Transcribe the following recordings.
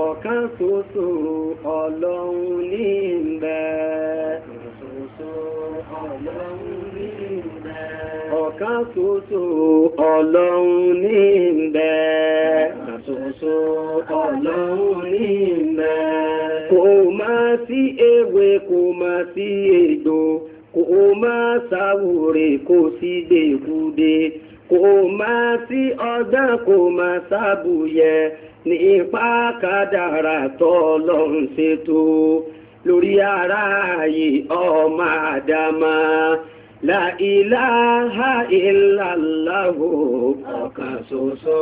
ọ̀kan soso ọlọ́run ní ìbẹ̀. ọ̀kan ṣoṣo ọlọ́run ní ìbẹ̀. kò máa sí ewé kò máa sí ègbò kò máa sáwòrè kò sí gbèkúdé kò máa ní ipa kádàrà tọ́lọ́run ṣètò lórí ara ayé ọmọ àdámá láìláha ìlàláhù ọ̀kan ṣoṣo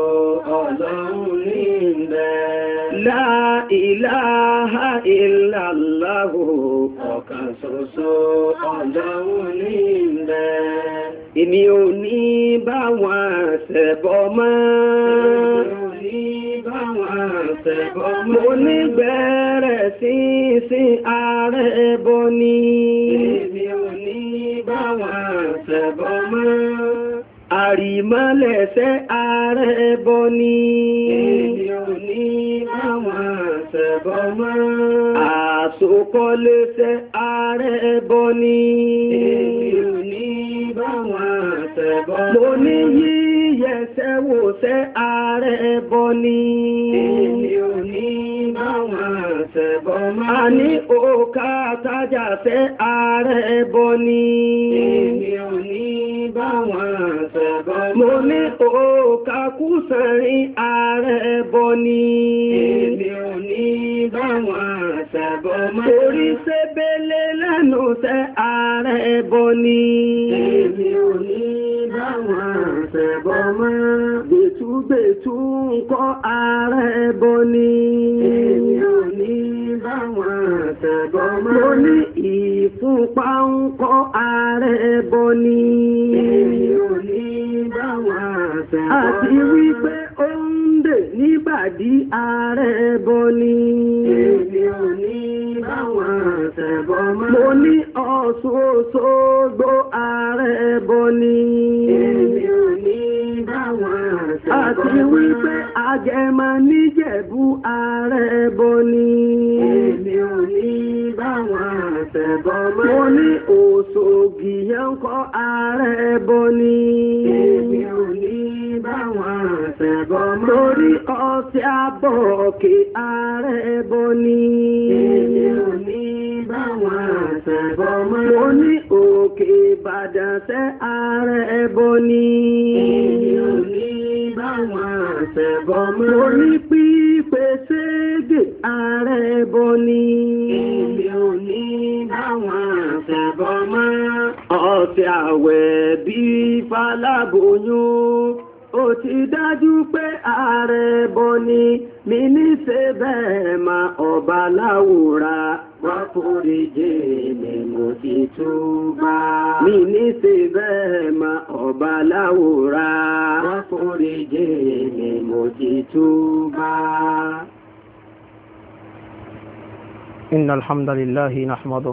ọlọ́run ní ìbẹ̀. láìláha ìlàláhù ọ̀kan ṣoṣo ọlọ́run ní ìbẹ̀. èmi ò ní bá wọn ṣẹbọ Mo ní bẹ̀rẹ̀ sí sí ààrẹ ẹbọ ni. Èmi ò ní bá wọn ṣẹbọ mọ́. Àrìmọ́lẹ̀ṣẹ́ ààrẹ ẹbọ ni. Èmi ò ní bá wọn ṣẹbọ mọ́. Mo ní yí ẹsẹ̀ wò sẹ́ ààrẹ ẹbọ ni. Èmi ò ní báwọn àṣẹbọ máa. A ní òkà tájà sẹ́ ààrẹ ẹbọ ni. Èmi ò ní bá wọn ṣẹ̀bọ̀ mo ní òkàkú sẹ́rin ààrẹ bọ ni èmi ò ní bá wọn ṣẹ̀bọ̀ mọ́ torí sébélé lẹ́nu sẹ́ ààrẹ bọ ni èmi ò ní bá wọn ṣẹ̀bọ̀ mọ́ gbẹ̀túgbẹ̀tú ńkọ́ ààrẹ bọ ni èmi ò ní bá wọn ṣẹ̀bọ̀ mọ́ mo ní ìfúnpá ń kọ́ ààrẹ bọ́ ni. èmi ò ní bá wà sẹ́kọ̀ọ́. àti wípé ó ń dè níbàdí ààrẹ bọ́ ni. èmi ò ní bá wà sẹ́kọ̀ọ́ mọ́. mo ní Ọ̀ṣun Òṣogbo ààrẹ bọ́ ni. èmi ò ní bá wà sẹ́kọ̀ọ́ mọ́. àti wípé Agẹmọ níjẹ̀bú ààrẹ bọ́ ni. èmi ò ní mo ní Òṣògì yẹn ń kọ́ ààrẹ ẹbọ ni. èmi ò ní báwọn àtẹ̀bọ̀ mọ́. torí ọtí àbọ̀ kí ààrẹ ẹbọ ni. èmi ò ní báwọn àtẹ̀bọ̀ mọ́. mo ní Òkè Ìbàdàn sẹ́ ààrẹ ẹbọ ni. èmi ò ní báwọn àtẹ̀bọ̀ mọ́. mo ní pípé ségè ààrẹ ẹbọ ni. èmi ò ní àwọn àṣẹ̀bọ̀ mọ́ ọ̀tẹ̀ àwẹ̀ bíi faláboyún ó ti dájú pé ààrẹ bọ ni mi ní ṣe bẹ́ẹ̀ ma ọba láwùra wá foríjì mi mo ti túbà. mi ní ṣe bẹ́ẹ̀ ma ọba láwùra wá foríjì mi mo ti túbà. إن الحمد لله نحمده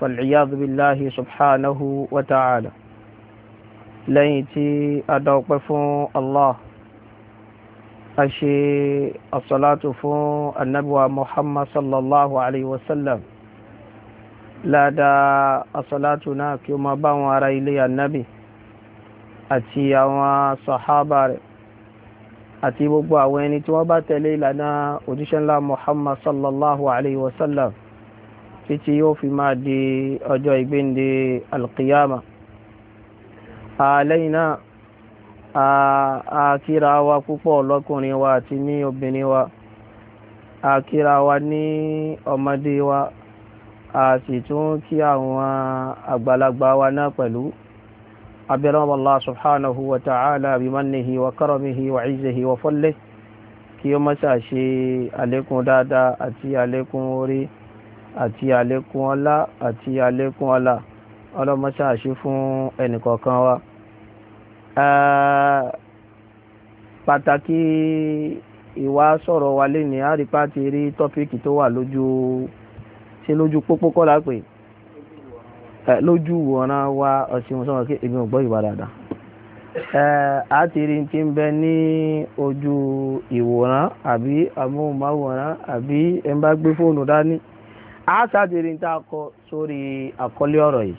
fàlìyàdù bíláhi subhanahu wa ta'ala lẹ́yìn tí a dọ́pẹ́ fún allah a ṣe asọ́látù fún annabuwa muhammad sallallahu alaihi wasallam ládàá asọ́látù náà kí o máa bá wọn ará ilé annabi àti àwọn sàhábà rẹ̀ àti gbogbo àwọn ẹni tí wọ́n bá tẹ̀lé ìlànà òjíṣẹ́ ńlá muhammad sallallahu alaihi wasallam títí yóò fi máa di ọjọ́ ìgbéǹde alkiyama àlẹ́yìn náà àkíra wa púpọ̀ lọ́kùnrin wa àti ní obìnrin wa àkíra wa ní ọmọdé wa a sì tún kí àwọn àgbàlagbà wa náà pẹ̀lú abẹ́rẹ́ Allah subhanahu wa ta'ala bimannihi wa karamihi wa izzihi wa fadlihi kí ó má ṣàṣe dáadáa àti àlékún orí àti àlékún ọlá àti àlékún ọlá ọlọ́mọṣáàṣì fún ẹnìkọ̀ọ̀kan wa. pàtàkì ìwà sọ̀rọ̀ wa lé ní àrípá ti rí tọ́píìkì tó wà lójú ṣe lójú pópó kọ́lá pé lójú wọ̀nà wa ọ̀sìn sọ́wọ́n kí èmi ò gbọ́ ìwà dáadáa àtìrí tí ń bẹ ní ojú ìwòran àbí amóhùnmáwòrán àbí ẹ bá gbé fóònù dání a ṣàdìrín tá a kọ sórí àkọlé ọ̀rọ̀ yìí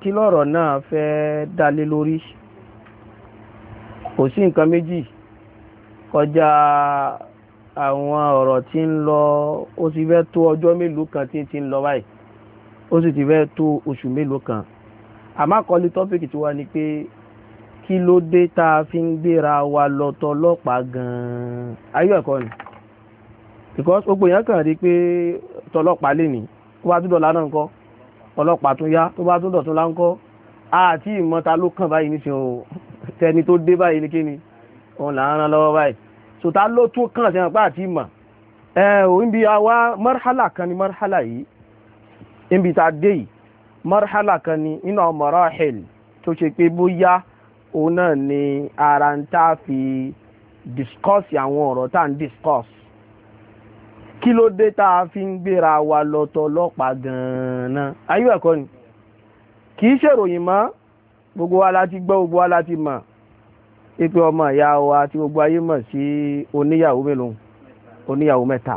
kí lọ́rọ̀ náà fẹ́ dalé lórí kò sí nǹkan méjì kọjá àwọn ọ̀rọ̀ tí ń lọ ó sì fẹ́ tó ọjọ́ mélòó kan tí ti ń lọ báyìí ó sì ti fẹ́ tó oṣù mélòó kan àmọ́ àkọlé tọ́pìkì tí wà ní pé kí ló dé tá a fi ń gbéra wa lọ tọlọ́pàá gan ayé ẹ̀kọ́ ni because gbogbo èèyàn kàn rí pé tọlọ́pàá lè ní tó bá tún dọ̀la náà ńkọ́ ọlọ́pàá tún yá tó bá tún dọ̀tún lá ńkọ́ àti ìmọ̀ta ló kàn báyìí níṣẹ́ o tẹni tó dé báyìí ní kíni òun là ń ran lọ́wọ́ báyìí sòtá ló tún kàn sí àpá àti ìmọ̀ ẹ ò ń bi àwa marhala kan ni marhala yìí ń bi ta dé yìí marhala kan ni nínú àwọn marahil tó ṣe pé bóyá òun náà ni ara ń tá fi discuss àwọn ọ̀rọ̀ tá à ń discuss kí ló dé tá a fi ń gbéra wa lọ́tọ̀ ọlọ́pàá gan-an ayé ẹ̀kọ́ ni kì í ṣèròyìn mọ́ gbogbo wa láti gbọ́ gbogbo wa láti mọ̀ ipe ọmọ ìyá wa tí gbogbo ayé mọ̀ sí oníyàwó mélòó oníyàwó mẹ́ta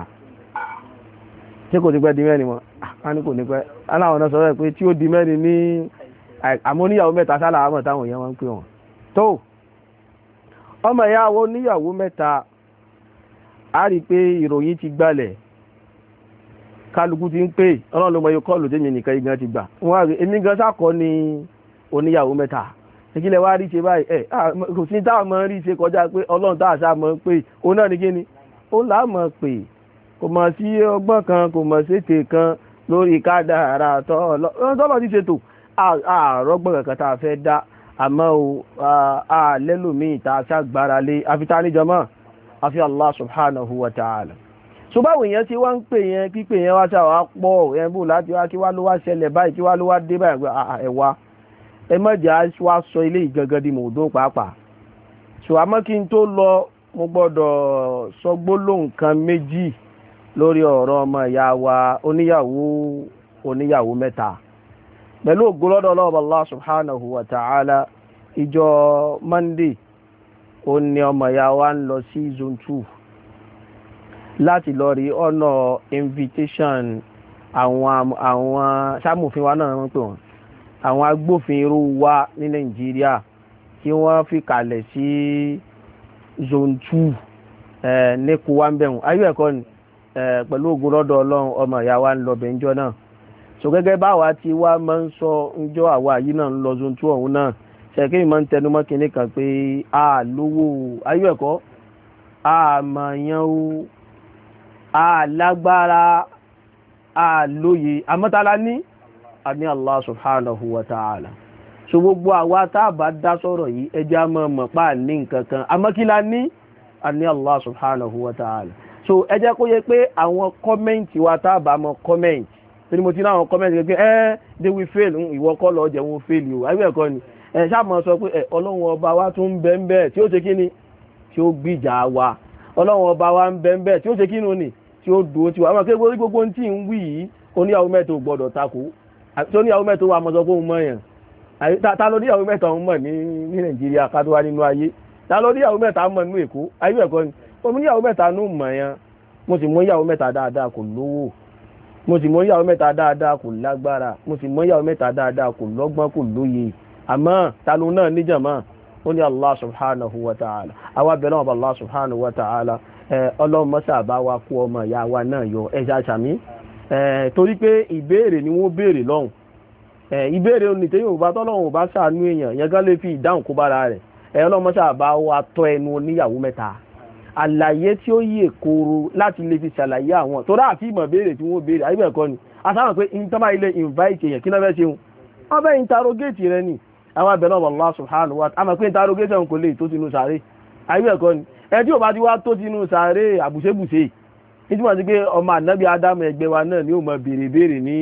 ṣé kò ti pẹ́ di mẹ́rin mọ́ ah, a ní kò ní pẹ́ aláwọn náà sọ̀rọ̀ pé tí ó di mẹ́rin ní àmọ́ oníyàwó mẹ́ta sálà àmọ̀ táwọn èèyàn máa ń pè wọ́n tó ọmọ ìyá wa oníyàwó mẹ́ta a rí pé ìròyìn ti gbalẹ̀ kálukú ti ń pè ọlọ́run ló mọ iye kọ́ọ̀lù nìkan igan ti gbà wọ́n rí èmi gan sákọ́ ni oníyàwó mẹ́ta ìkílẹ̀ wá rí ṣe báyìí ẹ̀ kò sí táà mọ́ rí ṣe kọjá pé ọlọ́run táà sá mọ́ pé òun náà ní kíni ó là mọ̀ pé kò mọ̀ sí ọgbọ́n kan kò mọ̀ sétè kan lórí kádà ara tọ́ ọlọ́run ti ṣètò àrọ́gbọ̀n kankan tá a fẹ́ dá àmọ́ o àlẹ́lòmíì tá a ṣàgbára lé àfitáníjọmọ́ àfi Allah subhanahu wa ta'ala so báwo èèyàn ti wá ń pè yẹn pípè yẹn wá sá wàá pọ̀ yẹn bò láti wá kí wá ló wá ṣẹlẹ̀ báyìí kí wá ló wá dé báyìí pé ẹ ah, ah, ẹ wá di mòdó pàápàá so àmọ́ kí n tó lọ mo gbọ́dọ̀ sọ méjì lórí ọ̀rọ̀ ọmọ ìyá wa oníyàwó oníyàwó mẹ́ta pẹ̀lú ògbólọ́dọ̀ ta'ala ìjọ Monday ó ní ọmọ ìyá wa ń lọ sí zone two láti lọ rí ọ̀nà invitation àwọn àwọn sámòfin wa náà wọ́n pè wọ́n àwọn agbófinró wa ní nàìjíríà tí wọ́n fi kalẹ̀ sí zone two ẹ̀ ní kúwámbẹ̀hùn ayé ẹ̀kọ́ ni pẹ̀lú ògùn lọ́dọ̀ ọlọ́run ọmọ ìyá wa ń lọ bẹ̀ ńjọ́ náà so gẹ́gẹ́ báwa ti wá máa ń sọ ńjọ́ àwa yìí náà ń lọ zone two ọ̀hún náà ṣẹ̀kí ìmọ̀ ń tẹnu mọ́ kínní kan pé a lówó ayé ẹ̀kọ́ a mọ̀yán o a lágbára a lóye àmọ́tala ní àní Allah subhanahu wa ta'ala so gbogbo àwa tá a bá dá sọ̀rọ̀ yìí ẹjẹ́ a mọ̀ mọ̀ pa ní nǹkan kan àmọ́kílá ní àní Allah subhanahu wa ta'ala so ẹ jẹ́ kó yẹ pé àwọn kọ́mẹ́ǹtì wa tá a bá mọ kọ́mẹ́ǹtì tí mo ti ní àwọn kọ́mẹ́ǹtì gẹ́gẹ́ ẹ́ they will fail ìwọ kọ́ lọ́ọ́ jẹ́ wọn ayé ẹ̀kọ́ ni ẹ ṣáàmọ̀ sọ pé ẹ ọlọ́run ọba wa tún ń bẹ ń bẹ tí ó ṣe kí ni tí ó gbìjà wa ọlọ́run ọba wa ń bẹ ń bẹ tí ó ṣe kí ni tí ó dúró tiwa àwọn akéwì orí gbogbo tí ń wí oníyàwó mẹ́ta gbọ́dọ̀ takò ni mo mú níyàwó mẹ́ta nù mọ̀ yẹn mo sì mú níyàwó mẹ́ta dáadáa kò lówó mo sì mú níyàwó mẹ́ta dáadáa kò lágbára mo sì mú níyàwó mẹ́ta dáadáa kò lọ́gbọ́n kò lóye àmọ́ tanu náà níjàmọ́ ó ní allah subhanahu wa ta'ala awa bẹ̀rẹ̀ ọba allah subhanahu wa ta'ala ọlọ́run mọ́sà bá wa kú ọmọ ìyá wa náà yọ ẹja torí pé ìbéèrè ni wọ́n béèrè lọ́hùn ìbéèrè tọ́lọ́run èèyàn yẹn gán lè fi ìdáhùn kó bára koro láti lè fi ṣàlàyé àwọn tó dáa fíìmọ̀ béèrè tí wọ́n béèrè ni a pé ìtọ́ba ilé invite èèyàn kí náà fẹ́ ṣeun àwọn abẹ̀lọ́ Allah subhanahu wa ta'ala àmọ́ pé interrogation kò lè tó tinú sàárè ayé ẹ̀kọ́ ni ẹ tí ò bá ti wá tó tinú sàárè àbùṣebùṣe nítorí wọn ti pé ọmọ ànábì ádámù ẹgbẹ́ wa náà ni ó mọ béèrè béèrè ní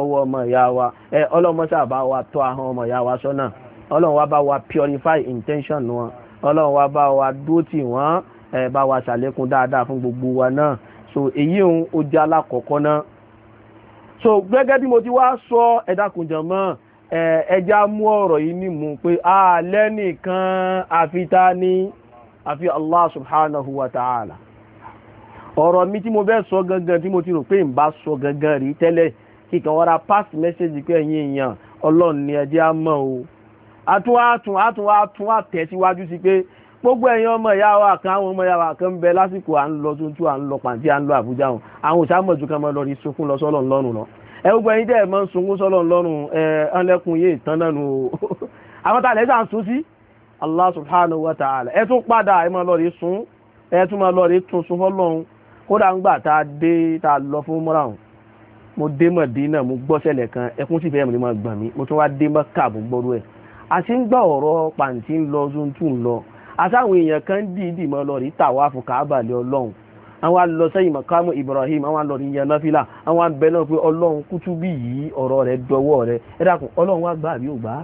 ọwọ́ ọmọ ìyá wa ẹ ọlọ́mọ sábà wa tọ́ ahọ́n ọmọ ìyá wa sọ́nà ọlọ́run wa bá wa purify intention wọn ọlọ́run wa bá wa dúró tì wọ́n ẹ bá wa ṣàlékún dáadáa fún gbogbo wa náà so èyí òun ó jẹ́ alákọ̀ọ́kọ́ náà so gẹ́gẹ́ bí mo ti wá sọ ẹ̀dákùnjàn mọ́ ẹja mú ọ̀rọ̀ yìí ní mú pé a lẹ́nìkan àfita ní àfi Allah subhanahu wa ta'ala ọ̀rọ̀ mi tí mo bẹ́ sọ gangan tí mo ti rò pé bá sọ gangan rí tẹ́lẹ̀ wọ́n ra pass message pé ẹ̀yin èèyàn ọlọ́run o atún atún atún atún àtẹ̀síwájú sí pé gbogbo ẹ̀yin ọmọ ìyá wa kan àwọn ọmọ ìyá wa kan ń bẹ tuntun à ń lọ pàǹtí à ń lọ àbújá wọn àwọn kan mọ́ lọ rí ẹ gbogbo ẹyin tẹ́ ẹ máa ń sunkún sọ́lọ̀ lọ́rùn ẹ ẹlẹ́kùn yé ìtàn náà nù o àwọn tààlẹ́ sàn sún sí Allah subhanahu wa ta'ala ẹ tún padà ẹ máa lọ rí sun ẹ tún máa lọ rí tún sun fọ́lọ́run kódà ń gbà tá a dé tá a lọ fún múra hàn mo dé Mọ̀dínà mo gbọ́ ṣẹlẹ̀ kan ẹkún sì fẹ́ẹ́ mi máa gbà mí mo tún àwọn alọ sẹ́yìn mọ̀kámù Ibrahim àwọn alọ nìyẹn náfìlà àwọn abẹ náà pé ọlọ́run kútú bí yìí ọ̀rọ̀ rẹ̀ dọwọ́ rẹ̀ ẹ dákun ọlọ́run wá gbà bí ò gbà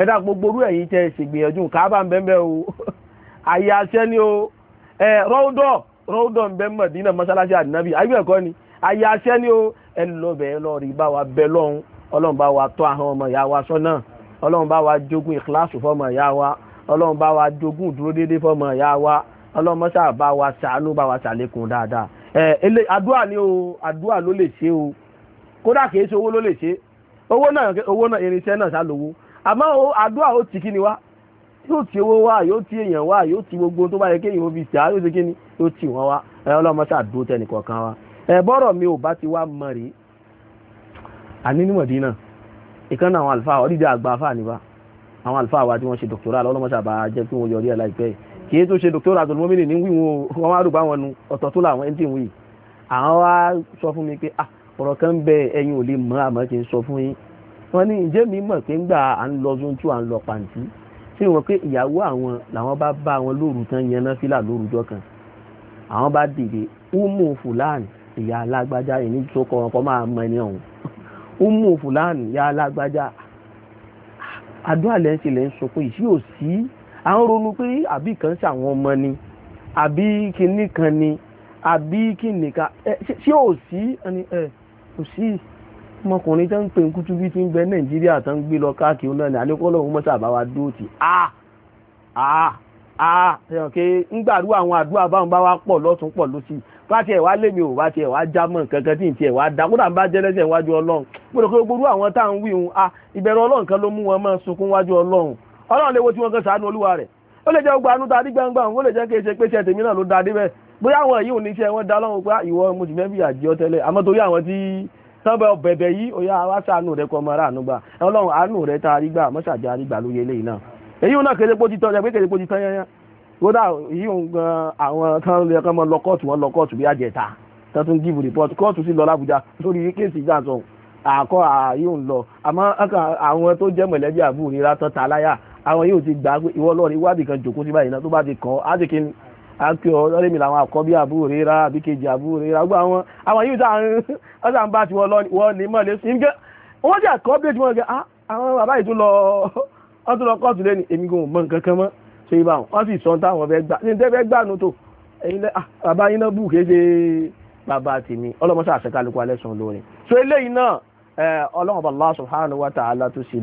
ẹ dákun gbogbo orú ẹ̀yìn tẹ́ ẹ ṣègbìyànjú káàbà ń bẹ́ẹ̀ o àyè àṣẹ ni o rọ́ọ̀dọ̀ rọ́ọ̀dọ̀ ń bẹ́ẹ̀ Mọ̀dínà mọ́sálásí àdínábì ayé ẹ̀kọ́ ni àyè àṣẹ o ẹ lọ bẹ̀ẹ́ wa bẹ lọ́hùn ọlọ́run bá wa tọ́ àwọn ọmọ ìyá wa sọ́nà ọlọ́run bá wa jogún ìkíláàsì fọ́mọ ìyá ọlọ́mọṣà bá wa ṣàánú bá wa ṣàlékún dáadáa ẹ àdúrà ni o àdúrà ló lè ṣe o kódà kìí ṣe owó ló lè ṣe owó náà owó náà irinṣẹ́ náà ṣá lówó àmọ́ àdúrà ó ti kí ni wá yóò ti owó wá yóò ti èèyàn wá yóò ti gbogbo tó bá yẹ kéèyàn fi ṣá yóò ti kí ni yóò ti wọ́n wá ẹ ọlọ́mọṣà dúró tẹnì kọ̀ọ̀kan wa ẹ bọ́rọ̀ mi ò bá ti wá mọ̀ rèé àní ní Mọ̀dínà ìkan àwọn àlùfáà ọdídé àgbà àfáà níbà àwọn àlùfáà wa tí wọ́n ṣe dọ̀kítọ́rà lọ́lọ́mọṣà bá jẹ́ kí wọ́n yọrí ẹ̀ láìpẹ́ yìí kìí tó ṣe dr abdulmomini ní wíwọ wọn wá rò bá wọn nu ọ̀tọ̀ tó làwọn ẹni tí ń wí àwọn wá sọ fún mi pé ah ọ̀rọ̀ kan bẹ ẹ̀yin ò lè mọ̀ àmọ́ kí n sọ fún yín wọn ní ǹjẹ́ mi mọ̀ pé ń gbà à ń lọ zone two à ń lọ pàǹtí sí wọn pé ìyàwó àwọn làwọn bá bá wọn lóru tán yẹn náà fílà lórúkọ kan àwọn bá dìde umu fulani ìyá alágbájá ẹni tó kọ wọn máa mọ ẹni ọ̀hún umu fulani ìyá alágbájá ah, àdúrà lẹ́ńsì lẹ́ sọ pé ìṣí à ń ronú pé àbí kan sí àwọn ọmọ ni àbí kinní kan ni àbí kinní kan ṣé ò sí ẹni ẹ kò sí ọmọkùnrin tó ń pè ń kútú bí ti ń bẹ nàìjíríà tó ń gbé lọ káàkiri náà ní àlékọ́lọ́ òun mọ́sà bá wa dúró tì á á á ṣèyàn pé ńgbàdúrà àwọn àdúrà báwọn bá wa pọ̀ lọ́tún pọ̀ lọ́sì bá tiẹ̀ wá lémi ò bá tiẹ̀ wá jámọ̀ kankan tí n tiẹ̀ wá da kódà bá jẹ́lẹ́sẹ̀ wájú ọlọ́run mo rò gbogbo àwọn táwọn wí hun a ìbẹ̀rù ọlọ́run kan ló mú wọn máa sunkún wájú ọlọ́run ọlọ́run lè wo tí wọ́n kan sàánú olúwa rẹ̀ ó lè jẹ́ gbogbo àánú tá a dí gbangba ó lè jẹ́ kí ṣe pé iṣẹ́ tèmi náà ló da dé bẹ́ẹ̀ bóyá àwọn yìí ò ní iṣẹ́ wọn dá lọ́run pé ah, ìwọ mo sì mẹ́bí àjẹ́ ọ tẹ́lẹ̀ àmọ́ torí àwọn tí tọ́bẹ̀ bẹ̀bẹ̀ yìí ó wá sàánú rẹ̀ kọ́ ọmọ ara àánú gbà ọlọ́run àánú rẹ̀ tá a rí gbà mọ́ṣàjà a rí gbà lóye eléyìí náà èyí náà kéde pé ó ti tọ́ ẹ pé kéde pé ó ti tán yányán kódà èyí òun gan àwọn tán lè kọ́ ọmọ lọ kóòtù wọn lọ kóòtù bí àjẹta tán tún gíìbù rìpọ́ọ̀tù kóòtù sí lọ lábújá lórí kéèsì ìjà sọ̀hún àkọ́ ààyè ń lọ àmọ́ àwọn tó jẹ́ mọ̀lẹ́bí àbúrò nira tán ta láyà àwọn yóò ti gbà pé ìwọ lọ́ọ̀rẹ́ wábì kan jòkó sí báyìí náà tó bá ti kàn á ti kí ni á pé ọ lọ́rẹ́ mi làwọn àkọ́bí àbúrò rẹ rà àbí kejì àbúrò rẹ rà gbọ́ àwọn àwọn yóò sàn ń bá tiwọn lọ wọ́n ní mọ̀lẹ́ sí nǹkan wọ́n ti àkọ́bí ètò wọn gẹ́ ah, àwọn bàbá yìí tó lọ wọ́n tó lọ kóòtù lẹ́nu èmi kò mọ nǹkan kan mọ́ ṣe ibà wọ́n sì sọ táwọn fẹ́ gbà ah, subhanahu wa ta'ala tó ṣe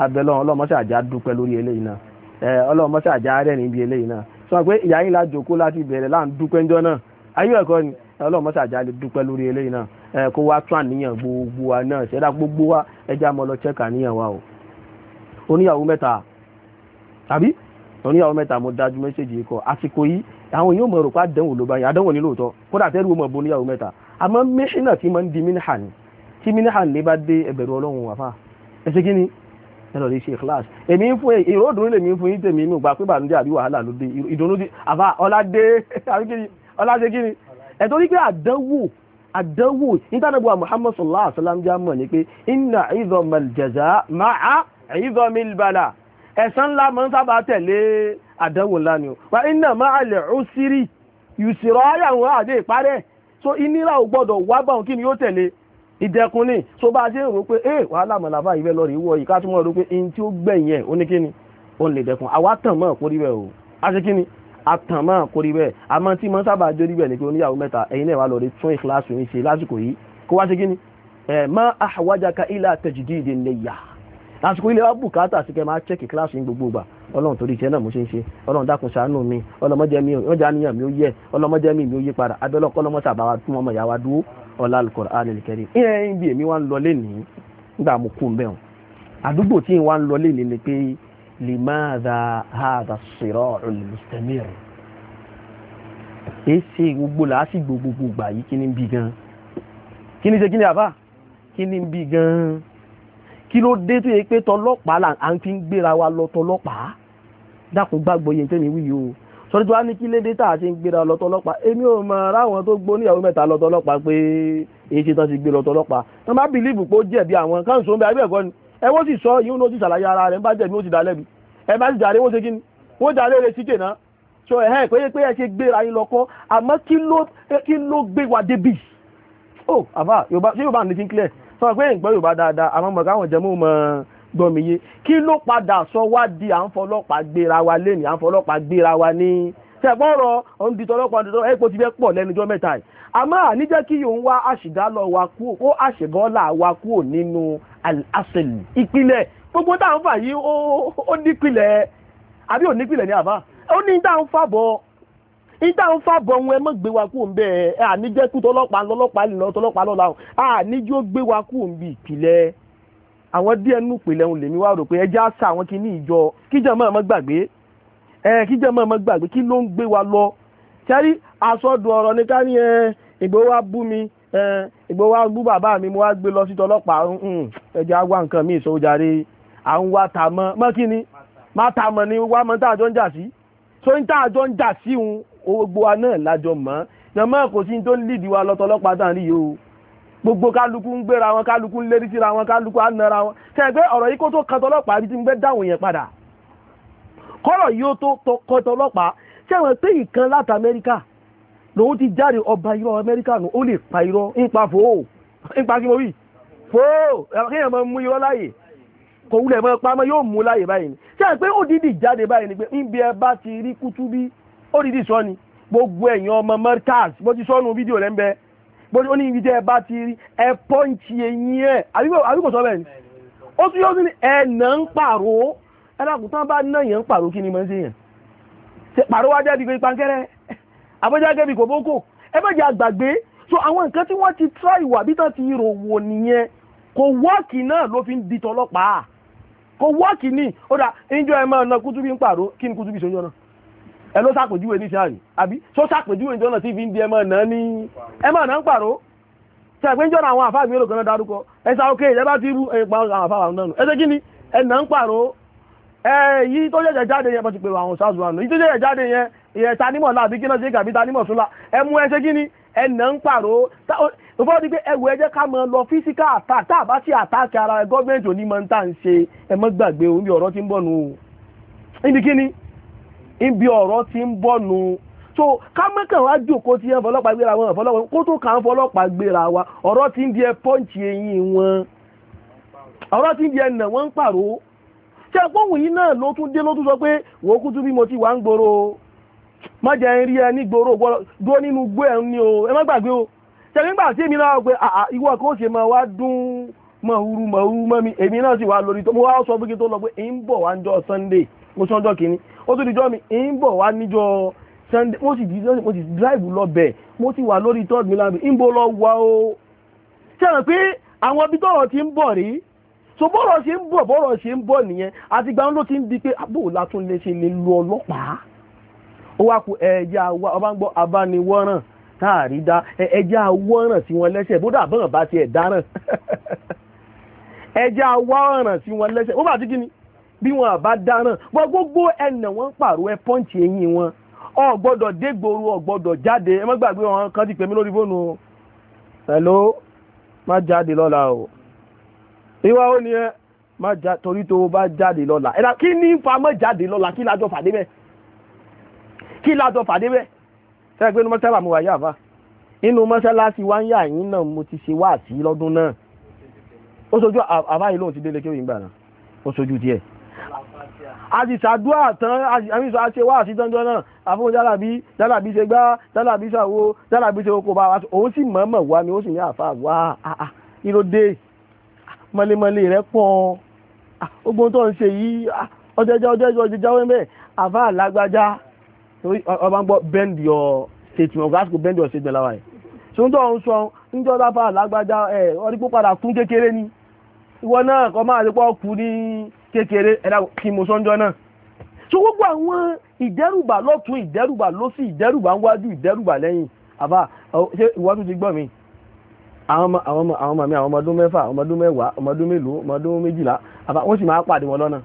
abẹ́lọ́ ọlọ́mọṣẹ́ àjá dúpẹ́ lórí eléyìí náà ọlọ́mọṣẹ́ àjá rẹ̀ níbi eléyìí náà sọ pé ìyá yìí la jòkó láti bẹ̀rẹ̀ láà ń dúpẹ́ ńjọ́ náà ayé ẹ̀kọ́ ni ọlọ́mọṣẹ́ àjá lè dúpẹ́ lórí eléyìí náà kó wá tún àníyàn gbogbo wa náà ṣẹ́dá gbogbo wa ẹja mọ́ lọ chẹ́kà níyàn wa o oníyàwó mẹ́ta tàbí oníyàwó mẹ́ta mo dájú mẹ́sẹ̀jì ikọ̀ àsìkò yìí àwọn yóò mọ̀ rò pé àdánwò ló bá yẹn ní lóòótọ́ kódà tẹ́rù mọ̀ bo oníyàwó mẹ́ta àmọ́ mẹ́ṣínà tí máa ń di mínìhàn tí mínìhàn lè bá dé ẹbẹ̀rù ọlọ́run wà fáà ẹ kí ni ẹlọ lè ṣe class èmi ń fún ìró ìdùnnú lèmi ń fún yín tèmi inú gba pé bànújẹ́ àbí wàhálà ló dé ìdùnnú dé àbá ọládé ọládé kí ni ẹ̀tọ́ ní pé àdánwò àdánwò ìtànàbùwà Muhammad sallallahu alaihi wasallam já mọ̀ ní pé inna idhamal jaza ma'a idhamil bala ẹ̀san ńlá máa ń sábà tẹ̀lé àdánwò ńlá ni wa inna ma'al usri yusra ayàwó àdé ìparẹ́ so ìnira ò gbọ́dọ̀ wá báwọn kí ni yóò tẹ̀lé ìdẹkùn ni so bá a ṣe ń rò pé ee wàhálà mọ̀lá báyìí bẹ́ẹ̀ lọ́ọ̀rì wọ yìí ká tún mọ̀ rò pé ihun tí ó gbẹ̀yìn ẹ̀ ó ní kíni ó lè dẹkùn àwa tàn mọ́ kórí bẹ́ẹ̀ o a ṣe kíni a tàn mọ́ kórí bẹ́ẹ̀ àmọ́ tí mo sábà jó rí ni pé oníyàwó mẹ́ta ẹ̀yin náà wà lọ́ọ̀rì tún ìkíláàsì yìí ṣe lásìkò yìí kó wá ṣe kíni ẹ̀ má àwájáka ilà tẹ̀jìdìdì lè yà lásìkò ilé wa bùkátà sí kẹ́ máa chẹ́kì kíláàsì yìí gbogbo ìgbà ọlọ́run torí iṣẹ́ náà mo ṣe ń ṣe ọlọ́run dákun ṣàánú mi ọlọ́mọdé mi ò yẹ ọlọ́mọdé mi ò yí padà abẹ́lọ́kọ́ ọlọ́mọ sàbáwá tún ọmọ ìyá wa dúró ọlá al-Qur'an al-Karim ìyẹn ń bí èmi wá ń lọ lénìí nígbà mo kú mbẹ́hùn àdúgbò tí wá ń lọ lénìí ni pé limadha hadha as-sira'u al-mustamir èyí ṣe gbogbo làásìgbò gbogbo gbà yìí kí ni bí gan kí ni ṣe kí ni àbá kí ni bí gan kí ló dé tó yẹ pé tọlọ́pàá là ń fi ń gbéra wa lọ tọlọ́pàá dákun gbàgbọ́ yẹn tẹ́mi wíyí sọ́dọ̀ tí wàá ní kí lédè tá a ti ń gbéra lọ́tọ́lọ́pàá èmi ò mọ ráwọn tó gbó níyàwó mẹ́ta lọ́tọ́lọ́pàá pé èyí ṣe tán ti gbé lọ́tọ́lọ́pàá tán bá bìlíìfù pé ó jẹ̀bi àwọn kan sọ ń bẹ abẹ́ẹ̀kọ́ ni ẹ wọ́n sì sọ yìí ó ti ṣàlàyé ara rẹ̀ ń bá jẹ̀bi ó ti dá lẹ́bi ẹ bá sì jàre wọ́n ṣe kí ni wọ́n jàre rẹ̀ sí kèná sọ ẹ̀hẹ́ pé pé ẹ ṣe gbéra yín lọ́kọ́ àmọ́ kí ló gbé wa débi ó oh, àbá yorùbá ṣé yorùbá ní ti ń clear sọ pé ìgbọ́ yorùbá dáadáa àmọ́ mọ̀ káwọn jẹ́ mú mọ́ gbọ́mìye kí ló padà sọ wá di à ń fọlọ́pàá gbéra wa lẹ́nu à ń fọlọ́pàá gbéra wa ní tẹ̀gbọ́rọ̀ ọ̀ndìtọ̀lọ́pàá ọ̀ndìtọ̀lọ́ ẹ̀pọ̀ ti fẹ́ pọ̀ lẹ́nujọ́ mẹ́ta yìí àmọ́ àníjẹ́ kí yòó ń wá àṣìdálọ́ wa kú ó àṣìgọ́là wa kú nínú àṣẹlì ìpìlẹ̀ gbogbo tá à ń fà yìí ó nípìlẹ̀ àbí ò nípìlẹ̀ ní àbá ó ní tá à ń fàbọ̀ ìdá ń fàbọ̀ wọn ẹ mọ̀ gbé wa kú òǹbẹ ẹ àníjẹ́ kú tọlọ́pàá lọ́lọ́pàá lọ́lọ́pàá lọ́la àníjó gbé wa kú òǹbí ìpìlẹ̀ àwọn díẹ̀ nínú ìpìlẹ̀ òun lèmi wá rò pé ẹjẹ́ á sa àwọn kìíní ìjọ kíjọ mọ́ ọmọ gbàgbé ẹ kíjọ mọ́ ọmọ gbàgbé kí ló ń gbé wa lọ sẹ́rí àsọdùn ọ̀rọ̀ ní ká ní ẹ Ìgbòho wá bú mi Ìgbòho wá bú bàbá mi mo wá gbé lọ sí tọlọ́pàá ẹjẹ́ á wá nǹkan mi ìsọjàre à ń wá ta mọ́ mọ́ kí ni má ta mọ́ ni wá mọ́ táàjọ ń jà sí so ń táàjọ ń jà sí òun gbogbo wa náà lájọ mọ́ gbogbo kálukú ń gbéra wọn kálukú ń lérí síra wọn kálukú á nara wọn ṣe pé ọ̀rọ̀ yìí kó tó kan tọlọ́pàá bí ti ń gbé dáhùn yẹn padà kọ́rọ̀ yìí ó tó kan tọlọ́pàá ṣe wọ́n pé ìkan láti amẹ́ríkà lòun ti jáde ọba irọ́ amẹ́ríkà nù ó lè pa irọ́ ńpa fòó ńpa kí mo wí fòó kéèyàn máa mú irọ́ láàyè kò wúlẹ̀ mọ́ pamọ́ yóò mú láàyè báyìí ni ṣe pé ó dídì jáde báyìí ni pé níbi ẹ bá ti rí kútú bí ó dídì sọ ni gbogbo ẹ̀yàn ọmọ mẹ́ríkàs bó ti sọ́nu fídíò rẹ̀ bóri ó ibi tẹ́ ẹ ti rí ẹ pọ́ǹchì eyín ẹ̀ sọ ni ó tún yóò sí ní ẹ̀nà ń pàró tán bá náà yẹn ń pàró kí ni mọ́ sí yẹn pàró wá jẹ́ bí pé àbójá so àwọn nǹkan tí ti tra ìwà bí tán ti rò wò nìyẹn kò náà ló fi ń di kò ó na ẹ ló sàpèjúwe ní ṣáàrì àbí tó sàpèjúwe ìjọ́nà tí fi ń di ẹmọ náà ní ẹmọ náà ń pàró tí ẹgbẹ́ ìjọ́nà àwọn àfáà ìgbélò kan dárúkọ ẹsà òkè ìjẹba ti rú ẹ̀pà àwọn àfáà àwọn náà ẹsẹ́ kí ni ẹ̀nà ń pàró èyí tó jẹ́jẹ́ jáde yẹn bọ́sí pé àwọn sáàzù àná èyí tó jẹ́jẹ́ jáde yẹn ìyẹn tanímọ̀ láàbí kí náà ṣe kàbí tanímọ̀ súnlá ẹmú ẹsẹ́ kí ni ẹ̀nà ń pàró tó fọ́ di pé ẹwù ẹjẹ́ ká mọ lọ físíkà àtà tá ibi ọ̀rọ̀ ti ń bọ̀ nu so ká mẹ́kànlá jòkó tí wọ́n fọlọ́pàá gbéra wọn fọlọ́pàá kó tó kàn fọlọ́pàá gbéra wa ọ̀rọ̀ ti ń di ẹ pọ́ǹchì eyín wọn ọ̀rọ̀ ti ń di ẹ nà wọ́n ń pàrọ̀ ṣe pọ́hùn yìí náà ló tún dé ló tún sọ pé wò ó kú tún bí mo ti wà ń gbòòrò má jẹ́ ń rí ẹ ní gbòòrò gbọ́dọ̀ dúró nínú gbé ẹ̀ ní o ẹ má gbàgbé o ṣe nígbà tí èmi náà pé ìwọ kan ó ṣe máa wá dún mọ̀húrú mọ̀húrú mọ́mi èmi náà sì wà lórí tó mo wá sọ fún kí tó lọ pé ń bọ̀ wá ń jọ Sunday mo sọ́jọ́ kìíní ó tún dijọ́ mi ń bọ̀ wá níjọ́ sunday mo sì jíjọ́ mo sì drive lọ bẹ̀ mo ti wà lórí third milan ń bọ̀ lọ wá o ṣe hàn pé àwọn ibi tọ́rọ̀ ti ń bọ̀ rí so bọ́rọ̀ ṣe ń bọ̀ bọ́rọ̀ ṣe ń bọ̀ nìyẹn àtìgbà ló ti ń di pé àbò ah, látún lè ṣe lè lu ọlọ́pàá ó wá ku ẹ̀ẹ́dẹ́ àwa ọba ń gbọ́ abániwọ́ràn táàrí dá ẹ̀ẹ́dẹ́ àwọ̀ràn sí wọn lẹ́sẹ̀ bó dà bọ́ràn bá tiẹ̀ dáràn ẹ̀ẹ́dẹ́ àwọ̀ràn sí wọn lẹ́sẹ̀ ó bá ti kí bí wọn àbá dáràn wọn gbogbo ẹnà wọn pààrọ̀ ẹ pọ́ǹtì eyín wọn ọ gbọ́dọ̀ dégboro ọ gbọ́dọ̀ jáde ẹ má gbàgbé wọn kan ti pè mí lórí fóònù o hello má jáde lọ́la o ìwà ó ní ẹ má já torí tó bá jáde lọ́la ẹ̀dá kí ní fa má jáde lọ́la kí lájọ fàdé bẹ́ẹ̀ kí lájọ fàdé bẹ́ẹ̀ sẹ́yìn pé inú mọ́ṣálà mi wà yá àfà inú mọ́ṣáláṣí wá ń yà yín náà mo ti ṣe wáàsí lọ́dún náà ó sojú àbáyé lóhùn ti délé kéwì ń gbà náà ó sojú díẹ̀ a ti ṣàdúrà tán àmìsọ àṣẹ wá àti dandan náà àfún jálàbí jálàbí ṣe gbá jálàbí ṣàwo jálàbí ṣe oko bá wa òun sì mọ̀ọ́mọ̀ wá ni ó sì ní àfa wá ìròdè ah, ah, ah, mọ̀lẹ́mọ̀lẹ́ rẹ̀ pọ̀ ogun tó ń ṣe yìí ọjọ́jọ́ ọjọ́jọ́ ọjọ́jọ́ wẹ́mẹ́ àfa àlágbájá ọba ń gbọ́ bend your statement ọgbà àsìkò bend your statement láwàá yìí ṣùgbọ́n tó ń sọ ń jọ́ láfa àlágbájá ẹ̀ ọdí pípadà kún kékeré ni ìwọ náà kọ́ máa rí pọ́ kú ní kékeré ẹ̀dá kí mo sọ́njọ́ náà tó gbogbo àwọn ìdẹ́rùbà lọ́tún ìdẹ́rùbà lọ́sí ìdẹ́rùbà wájú ìdẹ́rùbà lẹ́yìn àbá ṣé ìwádùn ti gbọ́ mi àwọn ọmọ àwọn mi àwọn ọmọdún mẹ́fà ọmọdún mẹ́wàá ọmọdún mélòó ọmọdún méjìlá àbá wọ́n sì máa pàdé wọn lọ́nà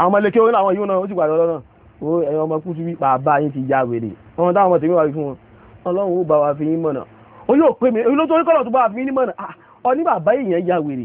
àwọn ọmọ lékè àwọn yìí náà ó sì pàdé wọn lọ́nà ó ẹ̀yọ ọmọ kú síbí bàbá yín ti ya wèrè wọn táwọn ọmọ tèmi wà fún wọn ọlọ́run ó bá wa fi yín mọ̀nà ó yóò pè mí olótórí kọ́lọ̀ tó bá wa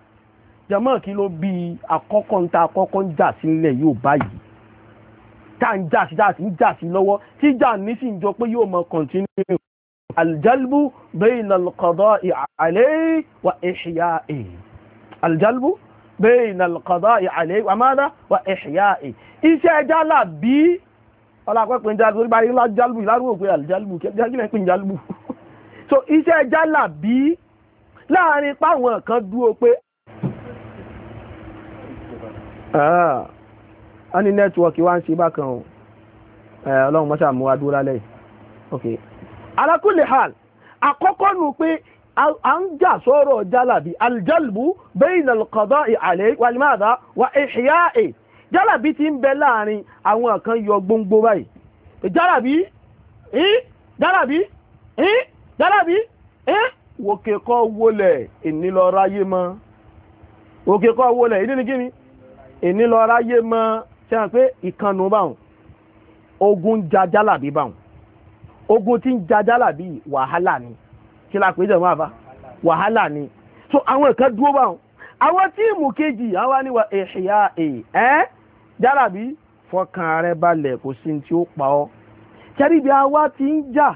jàmáà kí ló bí àkọ́kọ́ ń ta àkọ́kọ́ ń jà sí nílẹ̀ yóò báyìí tá à ń jà sí jà sí ń jà sí lọ́wọ́ tí jà ní sì ń jọ pé yóò mọ kọ̀ntínú aljalbu bayna alqada'i alayhi wa ihya'i aljalbu bayna alqada'i alayhi wa madha wa ihya'i iṣẹ́ ẹja là bí ọlápẹ́ pé ń jà lórí báyìí ńlá jálùbù ìlárúwò pé aljalbu kí ẹ pé ń so iṣẹ́ ẹja là bí láàrin páwọn kan dúró wọ́n ah. ní nẹ́tíwọ́kì wa n ṣe bákan eh, ọlọ́run mọ́ṣà mú ala kulli nù pé a ń jà sọ́rọ̀ jálàbí aljalbu bayna alqada'i alayhi wa limadha wa ihya'i jálàbí ti ń bẹ láàrin àwọn kan yọ gbóngbó báyìí jálàbí jálàbí jálàbí wòkè kọ́ wọlẹ̀ ìnílọ́ráyé mọ́ wòkè kọ́ wọlẹ̀ ìdí ni gíní èní lọ ráyé mọ́ ṣe hàn pé ìkànnù báwọn ogun jajálàbí báwọn ogun tí ń jajálàbí wàhálà ni kí la pè é àbá wàhálà ni so àwọn ìkan dúró báwọn àwọn tíìmù kejì àwọn àníwá èhìyà ẹ̀ jálàbí fọkàn rẹ balẹ̀ kò sí ní ó pa ọ́ kẹ́rìbí àwa ti ń jà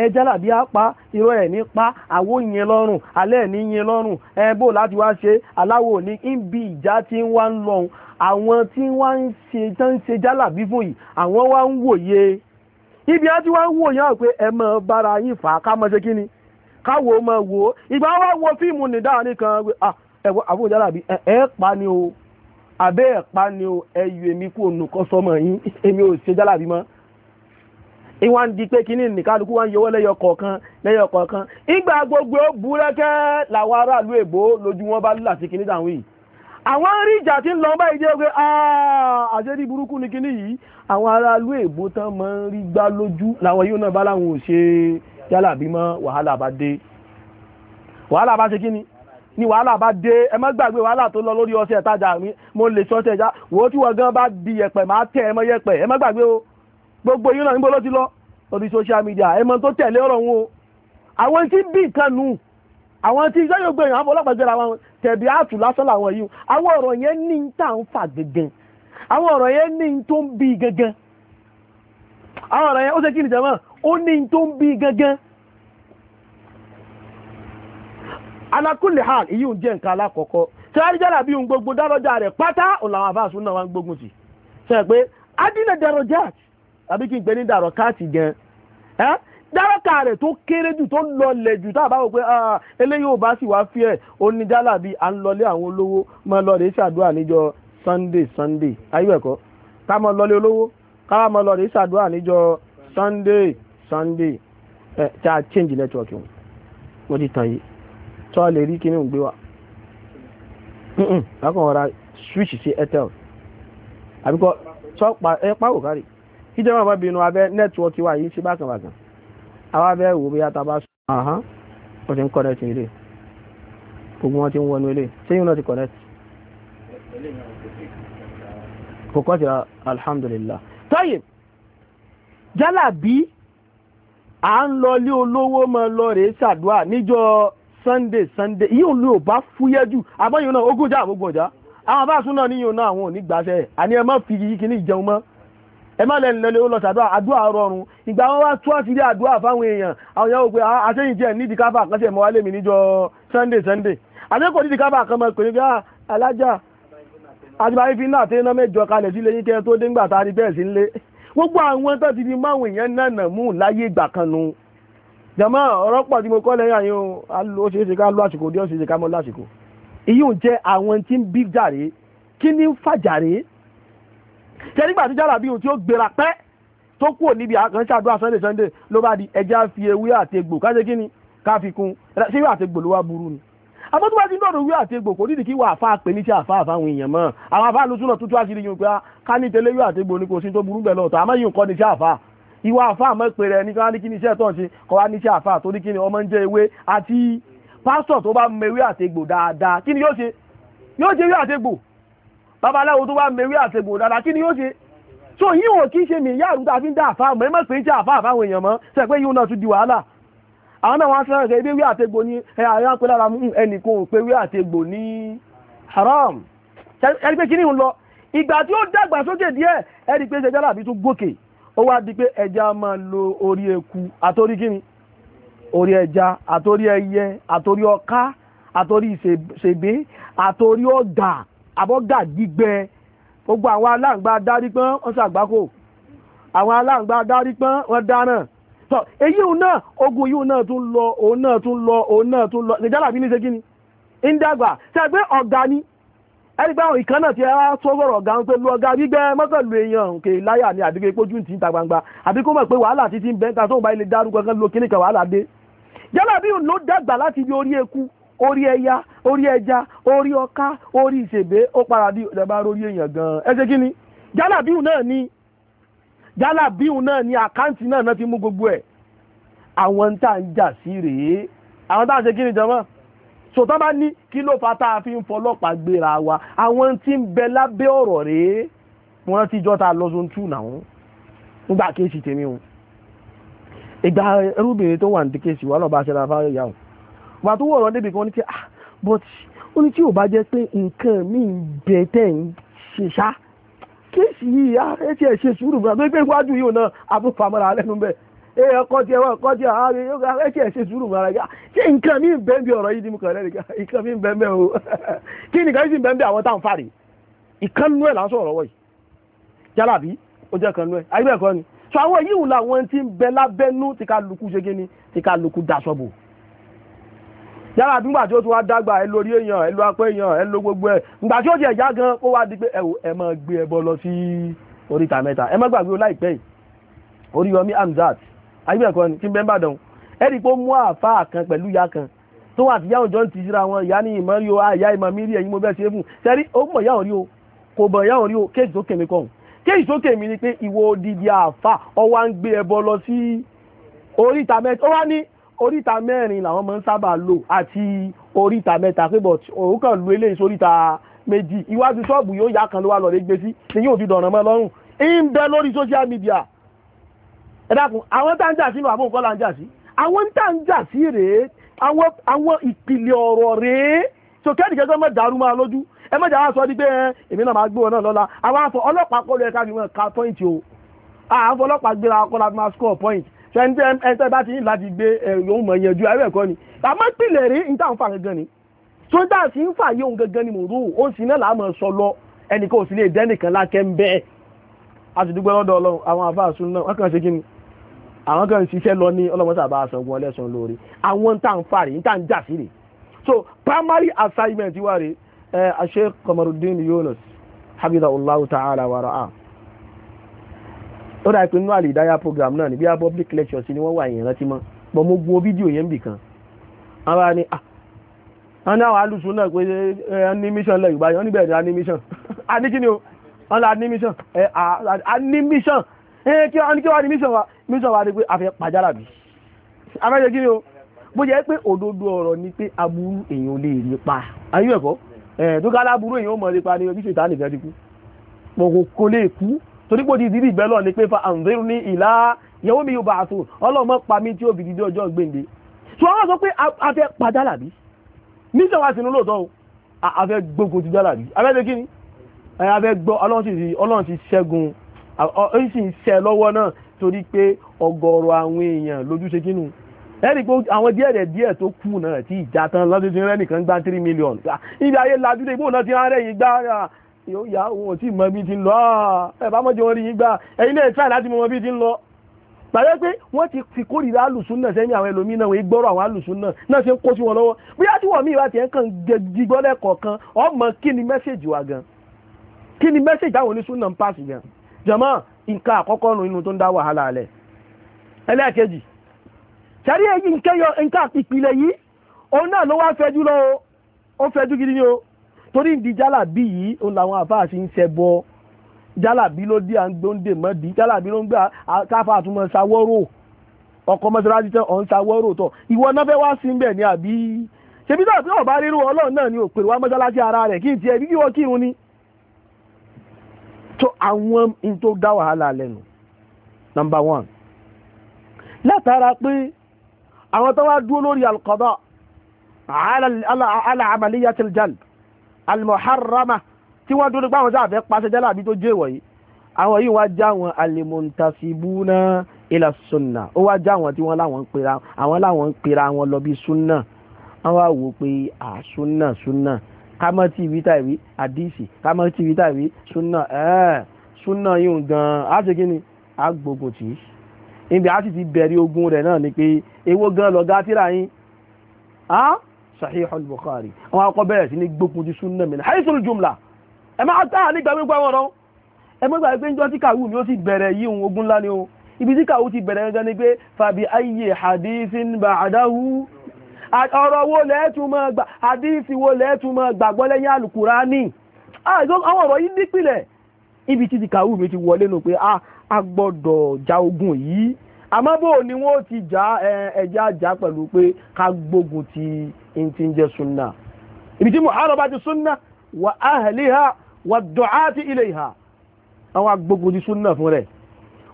ẹ jálàbí apá irọ́ ẹ̀ ní pa àwo yẹn lọ́rùn alẹ́ ní yẹn lọ́rùn ẹ bó láti wá ṣe aláwo ní ibi ìjà tí wá ń lọ́hùn àwọn tí wọ́n ń ṣe tán ń ṣe jálàbí fún yìí àwọn wá ń wòye ibi á ti wá ń wòye hàn pé ẹ mọ̀ bára yín fà á ká mọ̀ ṣe kí ni káwo mọ̀ wò ó ìgbà wá wo fíìmù nìdá nìkan ẹ̀wọ̀ àbúrò jálàbí ẹ̀ pa ni o àbẹ́ ẹ̀ pa ni o ẹ yọ èmi kú ònù kọ́sọ́mọ̀ yín èmi ò ṣe jálàbí mọ́ ìwà ń di pé kí ní nìkálukú wá ń yọwọ́ lẹ́yọ kọ̀ọ̀kan lẹ́yọ kọ̀ọ̀kan ìgbà gbogbo búrẹ́kẹ́ làwọn aráàlú èbó lójú wọn bá lùlà sí kí ní dàwọn yìí àwọn rí ìjà tí ń lọ bá ìdí ogun àṣẹ́dí burúkú ní kí ní yìí àwọn aráàlú èbó tán máa ń rí gbá lójú làwọn yóò náà bá láwọn ò ṣe yálà bí mọ́ wàhálà bá dé wàhálà bá ṣe kí ni ni wàhálà bá dé ẹ má gbàgbé wàhálà tó lọ lórí ọṣẹ ìtajà mi mo lè ṣọṣẹ ìjà wò tí wọn gan bá di yẹ̀pẹ̀ máa tẹ ẹ mọ́ yẹ̀pẹ̀ ẹ má gbàgbé o gbogbo yín náà níbo ti lọ lórí social media ẹ tó tẹ̀lé ọ̀rọ̀ wọn o àwọn tí bí nǹkan nù àwọn tí iṣẹ́ yóò gbé èèyàn àfọlọ́pàá jẹ́ra wọn tẹ̀bí àtù lásán làwọn yìí àwọn ọ̀rọ̀ yẹn ní ń tà ń fà gẹ́gẹ́ àwọn ọ̀rọ̀ yẹn ní ń tó ń ni ó ní tó ń bí gẹ́gẹ́ àbí kí n pè ní dàrọ̀ káàtì gan ẹ́ dárọ́kà rẹ̀ tó kéré jù tó lọlẹ̀ jù tá a bá wò pé ah, eléyìí ò bá sì wá fí ẹ̀ oníjálà bíi à ń lọlé àwọn olówó máa lọ rèé ṣàdúrà níjọ́ Sunday Sunday ayé ẹ̀kọ́ ká máa lọlé olówó ká máa lọ rèé ṣàdúrà níjọ́ Sunday Sunday ẹ̀ tá a change network wọn mo ti tàn yìí tó a lè rí kí ni ò ń gbé wa lákàn ọ̀rá switch sí Airtel àbíkọ́ ẹ pàwọ̀ kárì kíjọba bá bínú abẹ́ nẹ́tíwọ́ọ̀kì wa yìí ṣe bákan bákan àwọn abẹ́ wò bí ata bá sọ ọ̀hán wọ́n ti ń kọ́nẹ́tì ilé gbogbo wọn alhamdulillah tayyib jálàbí à ń lọ lé olówó mọ lọ rèé ṣàdúà níjọ́ sunday sunday yíò ló bá fúyẹ́ jù àbọ̀yìn náà ogójà àmúgbọ̀já àwọn abáàsún náà níyìn náà àwọn ò ní gbàṣẹ́ àní ẹ má fi yìí kíní ìjẹun mọ́ ẹ má lẹ́nu lọ́lẹ́ ó lọ sàdúrà àdúrà rọrùn ìgbà wọn wá tú àṣírí àdúrà fáwọn èèyàn àwọn èèyàn wò pé àṣẹyìn ah, ah, tiẹ̀ nídìí káfà kan tiẹ̀ mọ́ wálé mi níjọ́ sunday sunday àṣẹkọ̀ọ́ nídìí káfà kan mọ́ pé ní ah, bí alájà àjùbáyé fi náà tẹ́ná mẹ́jọ kalẹ̀ sílé yín kẹ́ tó dé ńgbà tá a rí bẹ́ẹ̀ sí ńlé gbogbo àwọn tó ti fi máwọn èèyàn nànà mú láyé ìgbà kan nu jàmọ́ ọ̀rọ̀ pọ̀ tí mo kọ́ lẹ́yìn ṣe nígbà tí Jalabi ohun tí ó gbéra pẹ́ tó kúrò níbi àkànṣe àdúrà Sunday Sunday ló bá di ẹja fi ewé àti egbò káṣe kí ni ká fi kún ṣé ìwé àti egbò ló wá burú ni àmọ́ tó bá ti ń dọ̀dọ̀ wí àti egbò kò nídìí kí wà àfa pè ní tí àfa àfáwọn èèyàn mọ́ àwọn àfa lóṣùnà tuntun àṣírí yìí pé ah, ká ní tẹ́lẹ̀ yóò àti egbò ní kò sí tó burú bẹ́ẹ̀ lọ́tọ̀ àmọ́ yìí ń kọ́ ní tí àfa ni iṣẹ́ tán ni ọmọ ń jẹ ewé àti pásítọ̀ tó bá mewé àti egbò dáadáa kí ni babaláwo tó bá mewé àtẹ̀gùn dáadáa kí ni yóò ṣe so yìí wọn kì í ṣe mi ìyá àrùdá fi ń dá àfáà mọ́ ẹ mọ̀ pé ń ṣe àfáà fáwọn èèyàn mọ́ ṣe pé yóò náà tún di wàhálà àwọn náà wọ́n sẹ́rẹ̀ ẹgbẹ́ wí àtẹ̀gùn ní ẹ̀yà pé lára ẹnìkan ò pé wí àtẹ̀gùn ní haram ẹni pé kíní ń lọ ìgbà tí ó dàgbà sókè díẹ̀ ẹni pé ṣe jálàbí tún gòkè ó wá di pé ẹja máa lo orí eku àtórí kíni orí ẹja àtórí ẹyẹ àtórí ọká àtórí ìṣègbè àtórí ọ̀gà àbọ́gà gbígbẹ gbogbo àwọn aláǹgbá adarí pọ́n wọ́n ṣàgbákò àwọn aláǹgbá adarí pọ́n wọ́n dáràn So, èyí òun náà ogun yìí òun náà tún lọ òun náà tún lọ òun náà tún lọ nìjálàbí ní ṣe kí ni ń dàgbà ṣe pé ọ̀gá ni ẹni pé àwọn ìkan náà ti ẹ́ tó sọ̀rọ̀ ọ̀gá ń pé lu ọ̀gá gbígbẹ́ mọ́kànlú èèyàn kè láyà ni àbí pé pójú ti ń ta gbangba àbí kó mọ̀ pé wàhálà ti ti ń bẹ́ńta tóun bá ilé dárúkọ kan lo kíníkan wàhálà dé jálàbí òun ló dàgbà láti ibi orí eku orí ẹya orí ẹja orí ọká orí ìṣègbè ó para bí ìjọba orí èèyàn gan-an ẹ ṣe kí ni jálàbíù náà ni jálàbíù náà ni àkáǹtì náà náà ti mú gbogbo ẹ̀ àwọn tá à ń jà sí rèé àwọn tá à ń ṣe kí ni jọmọ́ sòtọ́ bá ní kí ló fa tá a fi ń fọlọ́pàá gbéra wa àwọn tí ń bẹ lábẹ́ ọ̀rọ̀ rèé wọ́n ti jọ́ta lọ́sùn tù náà nígbà kéèsì tèmi o ìgbà ẹrúbìnrin tó wà ní kéèsì wà lọ́ba aṣẹ́ra fáyọ̀ yà wọ́n wà tó wọ̀rọ̀ débi kan ní pé ah but ó ní tí ò bá jẹ́ pé nǹkan mi ń bẹ tẹ̀ ń ṣe ṣá kéèsì yìí á ah, ẹ ti ẹ̀ ṣe sùúrù gan pé iwájú yìí ò náà abúfamọ́ra lẹ́nu bẹ́ẹ̀ ẹ ọkọ tí ẹ wá ọkọ tí ah, ẹ ààrẹ yóò ká ẹ tí ẹ ṣe sùúrù gan ara yá ah, ṣé nǹkan mi ń bẹ ń bí ọ̀rọ̀ yìí ni mo kàn lẹ́nu nǹkan mi ń bẹ ń o kí nìkan yìí sì ń bẹ ń àwọn táwọn fàrè yàrá àdúgbà tí ó tún wá dàgbà ẹ lórí èèyàn ẹ lọ apẹ èèyàn ẹ gbogbo ẹ ìgbà tí ó ti ẹ̀yá gan ó wá di pé ẹ ẹ gbé ẹbọ lọ sí oríta mẹ́ta ẹ má gbàgbé o láìpẹ́ yìí Oríyọmí Hamzat ayébẹ̀kọ ni tí bàdàn ẹ rí i pé ó mú kan pẹ̀lú ìyá kan tó wà tí síra wọn ìyá ah, mọ̀ rí o kò oríta mẹ́rin làwọn máa ń sábà lò àti oríta mẹ́ta pé but òun kàn lu eléyìí sóríta méjì iwájú ṣọ́ọ̀bù yóò yá kan ló wà lọ́ọ́rẹ́ gbé sí ni yóò fi dọ̀ràn mọ́ lọ́rùn ń bẹ lórí social media ẹ dákun àwọn tá ń jà sí nù àbúrò kọ́ là ń jà sí àwọn tá ń jà sí rèé àwọn ìpìlẹ̀ ọ̀rọ̀ rèé tó kẹ́ẹ̀dì kẹ́kẹ́ mọ́ dàrú máa lójú ẹ mọ́ jà wá sọ ní pé èmi náà máa gbé wọn náà lọ́la àwọn afọ ọlọ́pàá kọ́ lóye ká fi wọn ka point o àwọn afọ ọlọ́pàá gbéra kọ́ la fi máa score point ẹ̀ńtẹ́ bá ti ní láti gbé ẹ̀yọ́n mọ̀ yanjú ayé ẹ̀kọ́ ni àmọ́ pìlẹ̀ rí ní táwọn fà gangan ni tó sí ń fà yóò gangan ni mò ń rú ó sì náà làá mọ̀ sọ lọ ẹnìkan ò sì lè dẹ́nìkan lákẹ́ ń bẹ́ẹ̀ a sì dúpẹ́ lọ́dọ̀ ọlọ́run àwọn àfáàsùn náà wọ́n kàn ṣe kí ni àwọn kan ṣiṣẹ́ lọ ní ọlọ́mọsà bá aṣọ ogun so primary assignment wà rí ẹ Sheikh Kamaruddin Yunus habibullahu ta'ala wa ó dà pé nínú àlìdáyà program náà ní bí a public lecture sí ni wọ́n wà yẹn rántí mọ́ bọ́ mo gbọ́ fídíò yẹn bì kan ara ni wọ́n ní àwọn alùsùn náà pé eh, animation lẹ́yìn báyìí wọ́n níbẹ̀ animation a ní kí ni o wọ́n lọ animation eh, animation eh, kí wọ́n a fẹ́ pàjára bì a fẹ́ ṣe o bó jẹ́ pé òdodo ọ̀rọ̀ ni pé aburú èèyàn lè rí pa ayé ẹ̀kọ́ tó ká láburú èèyàn mọ̀ nípa ni bí ṣètà nìkan ti kú mo kò lè kú torí pé di ìbẹ́ lọ ni pé fa àǹdẹ́rù ní ìlà ìyàwó mi yóò bá aṣọ ọlọ́mọ pa mí tí ó bìdí dé ọjọ́ gbèǹde tí wọ́n sọ pé a fẹ́ pa jálàbí sínú lóòótọ́ o a ti jálàbí a fẹ́ ṣe kí ni a fẹ́ gbọ́ ọlọ́run ti ṣẹ́gun ó sì ń ṣẹ́ lọ́wọ́ náà torí pé ọ̀gọ̀rọ̀ àwọn èèyàn lójú ṣe kínú ẹni pé àwọn díẹ̀ díẹ̀ tó kù náà tí ìjà tán lọ́dún tí rẹ́nìkan gbá 3 million ibi ayé lajú dé náà ti rẹ́yìn gbá yóò yá òun ò tí mọ ibi tí ń lọ ah, ẹ bá mọ́jọ wọn rí yín gbà ẹ̀yin náà tíráì láti mọ ibi tí ń lọ. gbàgbé pé wọ́n ti fi kórìíra alùsùn náà sẹ́yìn àwọn ẹlòmíín náà wọ́n gbọ́rọ̀ àwọn alùsùn náà náà ṣe ń kó sí wọn lọ́wọ́ bóyá tí wọ́n mí ìwà tiẹ̀ kàn jígbọ́ lẹ́kọ̀ọ̀kan ọmọ kí ni mẹ́sẹ̀jì wa gan kí ni mẹ́sẹ̀jì àwọn onísùn náà ń pàṣẹ gan jọmọ nǹkan àkọ́kọ́ nù inú tó ń dá wàhálà alẹ̀ ẹlẹ́ẹ̀kejì sẹ́rí èyí nǹkan ìpìlẹ̀ yìí òun náà ló wá fẹjú lọ ó fẹjú gidi ni o torí ìdí jálàbí yìí òun làwọn àfáà fi ń ṣẹbọ jálàbí ló dé à ń gbóǹdè mọ́dí jálàbí ló ń gbà káfà àtúmọ̀ ṣàwọ́rò ọkọ̀ mọ́sálásí tán ọ̀n ṣàwọ́rò tọ̀ ìwọ náà fẹ́ wá sí bẹ̀ ni àbí ṣebí náà bí ọba rírú ọlọ́run náà ni òpèrè wá mọ́sálásí ara rẹ̀ kí n tiẹ̀ bí kí wọ́n kírun ni. tó àwọn n tó dá wàhálà lẹ́nu number one látara pé àwọn tó wá dúró lórí alqada ala amaliyat almuharrama tí wọ́n dúró pàwọn sáà fẹ́ pàṣẹ jẹ́ láàbí tó jẹ́ ìwọ̀ yìí àwọn yìí wá já wọn alimuntasibuna ila sunna ó wá já wọn tí wọ́n láwọn ń pera àwọn láwọn ń pera wọn lọ bí sunna àwọn àwò pé à sunna sunna kámọ́ tí ìwí tàbí àdìsí kámọ́ tí ìwí tàbí sunna ẹ̀ẹ́ sunna yìí gan á ṣe kí ni á gbógun tì í níbi á sì ti bẹ̀rẹ̀ ogun rẹ̀ náà ni pé èwo gan lọ̀gá tíra yín sahih al-bukhari àwọn akọ bẹ̀rẹ̀ sí ní gbókun ti súnà mi haythul jumla ẹ máa tá àlẹ́ ìgbà gbogbo àwọn ọ̀rọ̀ ẹ mọ́ gbà pé njọ́ tí kàwú ni ó sì bẹ̀rẹ̀ yí ohun ogun ńlá ni o ibi tí kàwú ti bẹ̀rẹ̀ gangan ni pé fàbí ayé hadithin ba'dahu ọ̀rọ̀ wo lẹ́ẹ̀túnmọ́ gbà hadith wo lẹ́ẹ̀túnmọ́ gbàgbọ́ lẹ́yìn alukurani àwọn ọ̀rọ̀ yìí nípìnlẹ̀ ibi tí ti kàwú mi ti wọlé nù pé ah, a gbọ́dọ̀ ja ogun yìí àmọ́ bò ni wọ́n ti ja ẹja ja pẹ̀lú pé ká gbógun ti in ti ń jẹ́ súnà ibi tí muharaba ti súnà wa ahliha wa du'ati ilayha àwọn agbógun ti súnà fún rẹ̀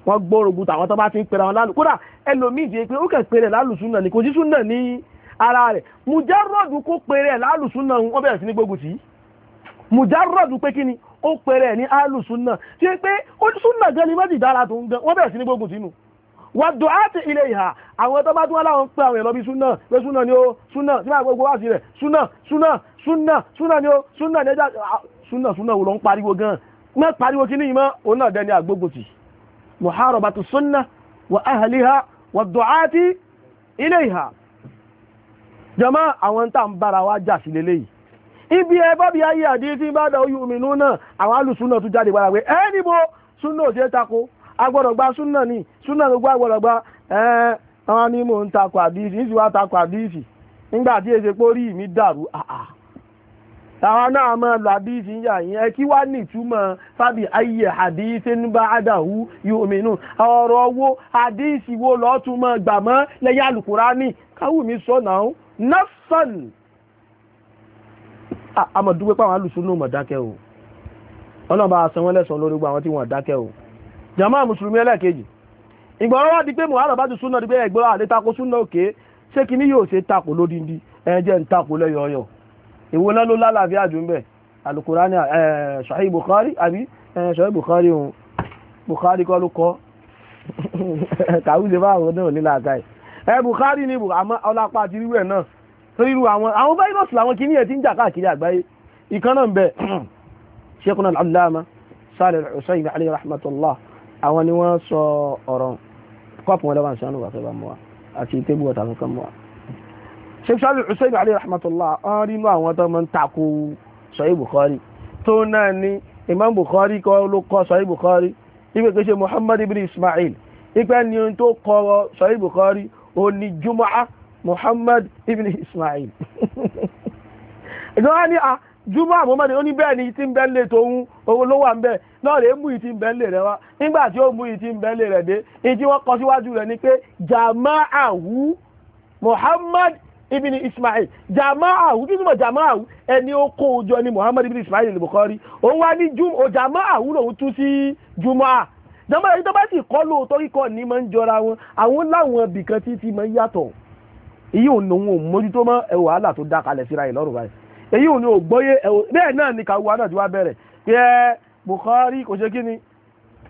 wọ́n gbóòrògùn tàwọn tó bá ti ń pẹ̀rẹ̀ àwọn lálù kódà ẹlòmíì ti pé ó kẹ̀ pẹ̀rẹ̀ lálù súnà ni kò sí súnà ní ara rẹ̀ mujarradu kó pẹ̀rẹ̀ lálù súnà wọ́n bẹ̀rẹ̀ sí ní gbógun tì í mujarradu pé kíni ó pẹ̀rẹ̀ ní alù súnà tí pé ó súnà gan ni méjì dára tó ń gan wọ́n bẹ̀rẹ̀ sí ní gbógun tì í wà dùn áàtì ilé ìhà àwọn ẹ̀tọ́ bá tún wọn láwọn ń àwọn èèyàn lọ bí súnà pé súnà ni ó súnà tí máa gbogbo wá sí rẹ̀ súnà súnà súnà súnà ni ó súnà ní ẹja súnà súnà wò ló ń pariwo gan mọ́ pariwo kí ní ìmọ̀ ibi ẹ bá ayé àdí tí bá dà àwọn alùsùnà tún agbọ́dọ̀ suna ni suna gbogbo agbọ́dọ̀ gba ẹ̀ẹ́n ni mò ń takò àdìsí ń sì wá takò àdìsí nígbà tí èsè pórí mi dàrú àà àwọn náà máa lọ àdìsí ń yà yín ẹ kí wá ní ìtumọ̀ fábì ayé àdàwù wo lọ tún gbà káwù mi sọ náà pàwọn alùsùn o lórí àwọn tí o. jama musulumi ẹlẹ́ẹ̀kejì ìgbà wọn wá di pé muhammed bá ti súnà di pé ẹgbẹ́ àlè tako súnà òkè ṣé kí ni yóò ṣe tako lódindi ẹjẹ́ ń tako lẹ́yọ̀ọ́yọ̀ ìwo náà ló lálàáfíà jù ń bẹ̀ alukurani sahih bukhari àbí sahih bukhari òun bukhari kọ́ ló kọ́ kàwé báwo náà ní làákàyè ẹ bukhari ni àmọ́ ọlápá àti irú ẹ̀ náà torí irú àwọn àwọn fáírọ́ọ̀sì làwọn kìíní ẹ̀ ti ń jà alayhi rahmatullah àwọn ni wọ́n sọ ọ̀rọ̀ kọ́ọ̀pù wọn lọ́wọ́ àti sọ́nù wàtí ìbámu wa àti tébù ọ̀tà kankan mu wa. sheikh salu hussein alayhi rahmatullah ọ̀n rí inú àwọn tó máa ń takò sọ́yìn bukhari tó náà ní imam bukhari kọ́ ló kọ́ sọ́yìn bukhari ibi kò ṣe muhammad ibn ismail ipa ni ohun tó kọ́ sọ́yìn bukhari ó ní jumaa muhammad ibn ismail. ìjọba ni a júmọ́ àmọ́mọ́ ni ó ní bẹ́ẹ̀ ni tí ń bẹ́ẹ̀ lè tóun òun ló wà ń bẹ́ẹ̀ náà lè mú ìtì ń bẹ́ẹ̀ lè rẹ wá nígbà tí ó mú ìtì ń bẹ́ẹ̀ lè rẹ̀ dé ìtì wọ́n kọ síwájú rẹ̀ ni pé jama'ahu Muhammad ibn Ismail jama'ahu kí túmọ̀ jama'ahu ẹni ó kó o jọ ni Muhammad ibn Ismail al-Bukhari òun wá ní jama'ahu lòun tú sí jùmọ́ jọmọ́ èyí tó bá sì kọ́ lóòótọ́ kíkọ́ ni máa ń jọra wọn àwọn láwọn ibìkan tí ti máa ń yàtọ̀ èyí ò nòun ò mójútó mọ́ ẹ̀ wàhálà tó dá kalẹ̀ síra ẹ̀ lọ́rùn báyìí èyí ò ní ò gbọ́yé bẹ́ẹ̀ náà ni kàwé náà ti wá bẹ̀rẹ̀ pé Bukhari kò ṣe kí ni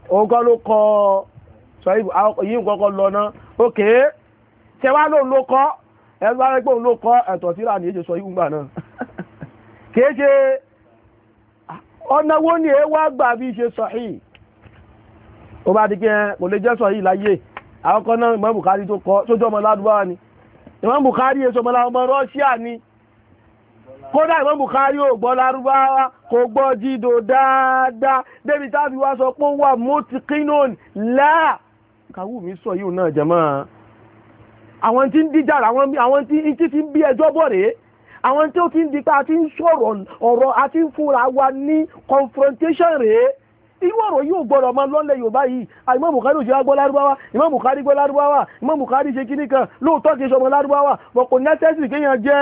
òun kọ́ ló kọ́ sọ́yìnbó èyí nǹkan kọ́ lọ náà òkè ṣe wá lóun ló kọ́ ẹ̀rọ bá rẹ̀ pé òun ló kọ́ ẹ̀tọ́ síra ní èjì sọ yìí gbà náà kìí ṣe ọ̀nà wo ni ẹ wá gbà bí ṣe sọ̀hí ó bá di pé kò lè jẹ́ sọ̀hí láyé àwọn kan náà Imam Bukhari tó kọ́ sójú ọmọ ládùúgbò ni Imam Bukhari èso ọmọ ládùúgbò ni kódà ìmọ̀ Bukhari ò gbọ́ lárúbáwá kò gbọ́ jídò dáadáa débi tábí wá sọ pé wà mọ́tìkínón láà kàwù mi sọ yìí náà jẹ́mọ́ àwọn tí ń díjà àwọn tí ti ń bí ẹjọ́ bọ̀ rèé àwọn tí ó ti ń di pé a ń sọ̀rọ̀ ọ̀rọ̀ a ń fúnra wa ní confrontation rèé irú ọ̀rọ̀ yóò gbọ́dọ̀ máa lọ́lẹ̀ yorùbá yìí àìmọ́ bùkárí òṣèré agbọ́ lárúbáwá ìmọ̀ bùkárí gbọ́ lárúbáwá ìmọ̀ bùkárí ṣe kíní kan lóòótọ́ kìí ṣe ọmọ lárúbáwá wọn kò nẹ́tẹ́sì kéèyàn jẹ́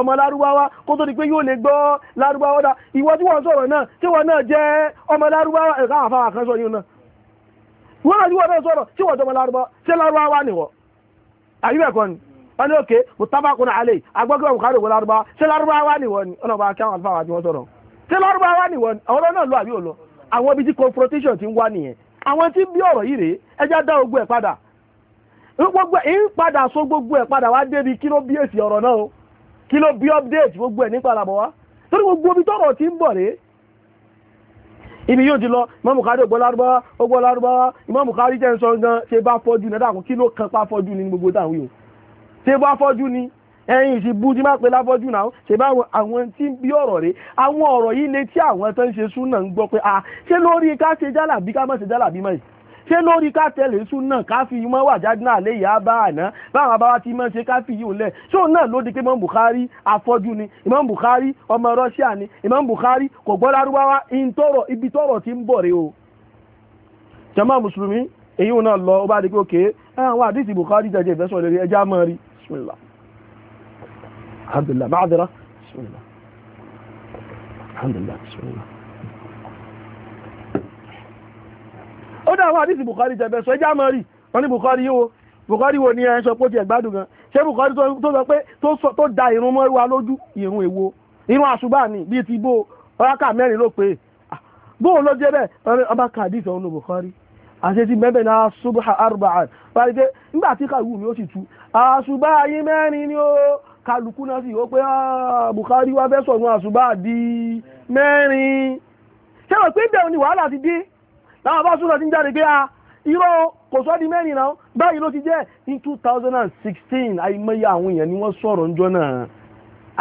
ọmọ lárúbáwá kó tó di pé yóò lè gbọ́ lárúbáwá dá ìwọ tí wọ́n sọ̀rọ̀ náà tí wọ́n náà jẹ́ ọmọ lárúbáwá ẹ̀ka àfàwà kan sọ yìí náà wọ́n náà tí wọ́n náà sọ̀rọ̀ tí wọ́n jọmọ lárúbáwá ṣé lárúbáwá ni wọ́n àyíbẹ̀ kan wọ́n ní òkè mutabakun alẹ́ agbọ́gbẹ́ bùkárí òwò lárúbáwá ṣé lárúbáwá ni wọ́n ni ọlọ́ba akẹ́wọ̀n àfàwà tí wọ́n sọ̀rọ̀ ṣé lárúbáwá ni wọ́n ni àwọn náà lọ àbí òlọ́ àwọn ibi tí confrontation ti ń wá nìyẹn àwọn tí bí ọ̀rọ̀ yìí rèé ẹjá dá ogun ẹ̀ padà gbogbo ẹ̀ ń padà so gbogbo ẹ̀ padà wá débi kí ló bí èsì ọ̀rọ̀ náà o kí ló bí update gbogbo ẹ̀ nípa àlàbọ̀ wá torí gbogbo ibi tọ́rọ̀ ti ń bọ̀ rèé ibi yóò ti lọ Imam Bukhari ògbó lárúbáwá ògbó lárúbáwá Imam Bukhari jẹ́ ń sọ gan ṣe bá fọ́jú ní ẹ̀yin ìṣìbú tí máa pe lábọ́jú náà ṣe bá àwọn tí bí ọ̀rọ̀ rẹ̀ àwọn ọ̀rọ̀ yìí lè tí àwọn tó ń ṣe súnà ń gbọ́ pé a ṣé lórí ká ṣe jálàbí ká má ṣe jálàbí mọ́ yìí ṣé lórí ká tẹ̀lé súnà ká fi mọ́ wà jáde náà lè yá bá àná báwọn abáwá ti máa ṣe ká fi yìí lẹ̀ ṣó náà ló di pé Imam Bukhari afọ́jú ni Imam Bukhari ọmọ Russia ni Imam Bukhari kò gbọ́ lárúbáwá ibi tọrọ ti ń bọ̀ rẹ o jama mùsùlùmí èyí náà lọ ó bá di pé òkè àwọn àdìsí Bukhari الحمد لله معذرة بسم الله الحمد لله بسم الله ó àwọn àdísì Bukari jẹ́bẹ̀ sọ ẹjá mọ́rí wọ́n ní yíò wo ní ẹ̀ sọ pé ti ẹ̀gbádùn gan ṣé Bukhari tó sọ pé tó da irun mọ́ wa lójú ìrún èwo ìrún àṣùbà ní bí ti bó ọ́ráka mẹ́rin ló pé ah, ló kálukú náà sì wọ́n pé ah, Buhari wá fẹ́ sọ̀rọ̀ àṣùbà di mẹ́rin ṣé wọ́n pé bẹ́ẹ̀ ni wàhálà ti dé láwọn bá súnà ti ń jáde pé a ah, irọ́ kò sọ́ di mẹ́rin náà báyìí ló ti jẹ́ in 2016, thousand and sixteen àìmọye àwọn èèyàn ni wọ́n sọ̀rọ̀ ńjọ́ náà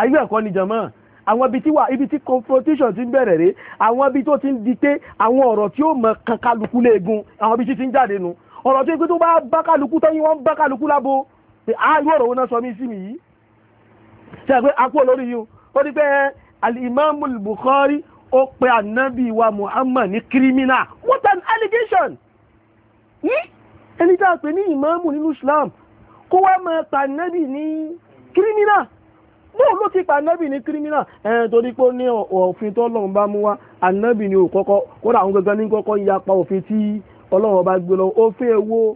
ayé ẹ̀kọ́ ni jẹ̀mọ́ àwọn ibi tí wà ibi tí confrontation ti ń bẹ̀rẹ̀ rè àwọn ibi tó ti ń di pé àwọn ọ̀rọ̀ tí ó mọ kankaluku léegun àwọn ibi tí ti ń jáde nu ọ̀rọ̀ tó yẹ kó tó bá bá kálukú tó yín wọ́n bá kálukú lábo pé a ah, irú ọ̀rọ̀ wo náà sọ mí sí mi yìí tẹ́gbẹ́ apó olórí yìí ó ní pé alimami Bukhari ó pe anabi wa Muhammad ní criminal what an allegation ẹni tá a pè ní ìmáàmù nínú Islam kó wá máa pa anabi ní criminal bó ló ti pa anábì ní kírímínà ẹ̀ẹ́n torí pé ó ní òfin tó ọlọ́run bá mú wá anábì ní òkọ́kọ́ kódà àwọn gangan ní kọ́kọ́ yapa òfin tí ọlọ́run bá gbé lọ òfin èwo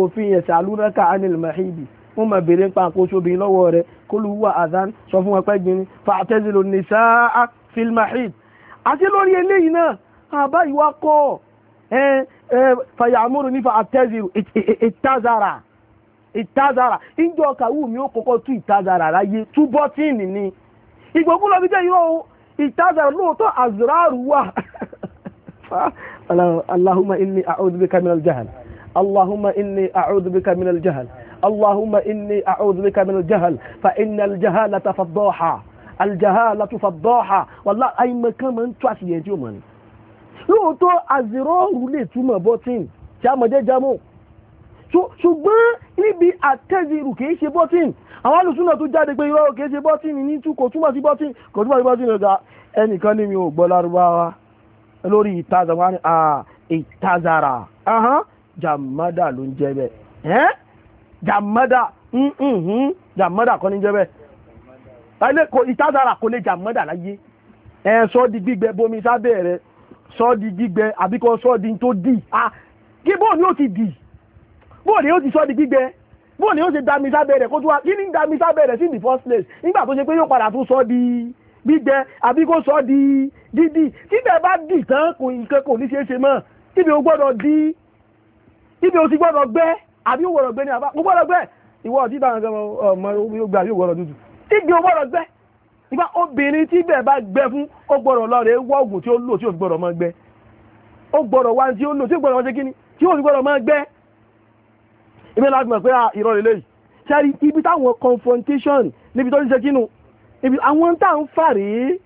òfin ẹ̀sẹ̀ alúnáka anil mahibi wọ́n máa bèèrè ń pa àkóso obìnrin lọ́wọ́ rẹ̀ kó lù wà àdán sọ fún wọn pẹ́ gbin fàtẹ́sílò nìṣá filmahid àti lórí eléyìí náà àbá ìwà kọ́ fàyàmúrò ní fàtẹ́sílò ìtazara ìtazara ìjọ kàwù mi ó kọ́kọ́ tú ìtazara ráyé tú bọ́tíìnì ni ìgbòkúlọ bí jẹ́ ìrọ̀ ìtazara lóòótọ́ àzùrárù wà اللهم إني أعوذ بك من الجهل اللهم إني أعوذ بك من الجهل اللهم إني أعوذ بك من الجهل فإن الجهالة فضاحة الجهالة فضاحة والله أي مكان من تعسي يجومن lóòótọ́ àzìrọ́ọ̀rù lè túmọ̀ bọ́tíìn tí a mọ̀ jẹ́ jámọ́ ṣùgbọ́n níbi àtẹ́zìrù kìí ṣe bọ́tíìn àwọn alùsùnà tó jáde pé irọ́ kìí ṣe bọ́tíìn ní tú kò túmọ̀ sí bọ́tíìn kò túmọ̀ sí bọ́tíìn ọ̀gá ẹnìkan ní mi ò gbọ́ lárúbáwá lórí ìtazàrà jàmádà ló ń jẹ́ bẹ́ẹ̀ jàmọ́dà jàmọ́dà kọ́ ní jẹ́bẹ̀ ìtàzára kò lè jàmọ́dà láyé ẹ sọ di gbígbẹ bomi sábẹ́ rẹ sọ di gbígbẹ àbíkọ sọ di tó dì kí bóò ni ó ti dì bóò ni ó ti sọ di gbígbẹ bóò ni ó ti dami sábẹ́ rẹ kó tó wá kí ni dami sábẹ́ rẹ sí the first place nígbà tó ṣe pé yóò padà tún sọ di gbígbẹ àbíkọ sọ di dídì tíbẹ̀ bá dì tán kò ní ṣeé ṣe mọ́ tíbi o gbọ́dọ̀ dí tíbi o ti gbọ́dọ̀ gbẹ́ àbí òwòrò gbé ní àbá mo gbọ́dọ̀ gbẹ́ ìwọ ọ̀dí bá nǹkan ọmọ omi gbà yóò gbọ́dọ̀ dúdú ìgbé o gbọ́dọ̀ gbẹ́ nípa obìnrin tí bẹ́ẹ̀ bá gbẹ fún ó gbọ́dọ̀ lọ rẹ̀ wọ́ ògùn tí ó lò tí ó fi gbọ́dọ̀ máa gbẹ ó gbọ́dọ̀ wá tí ó lò tí ó gbọ́dọ̀ máa ṣe kíni tí ó fi gbọ́dọ̀ máa gbẹ ìmẹ́ láti mọ̀ pé ìrọ̀ lè léyìí sẹ́rí ibi táwọn confrontation níbi tó ti ṣe kínú ibi àwọn tá ń fà rèé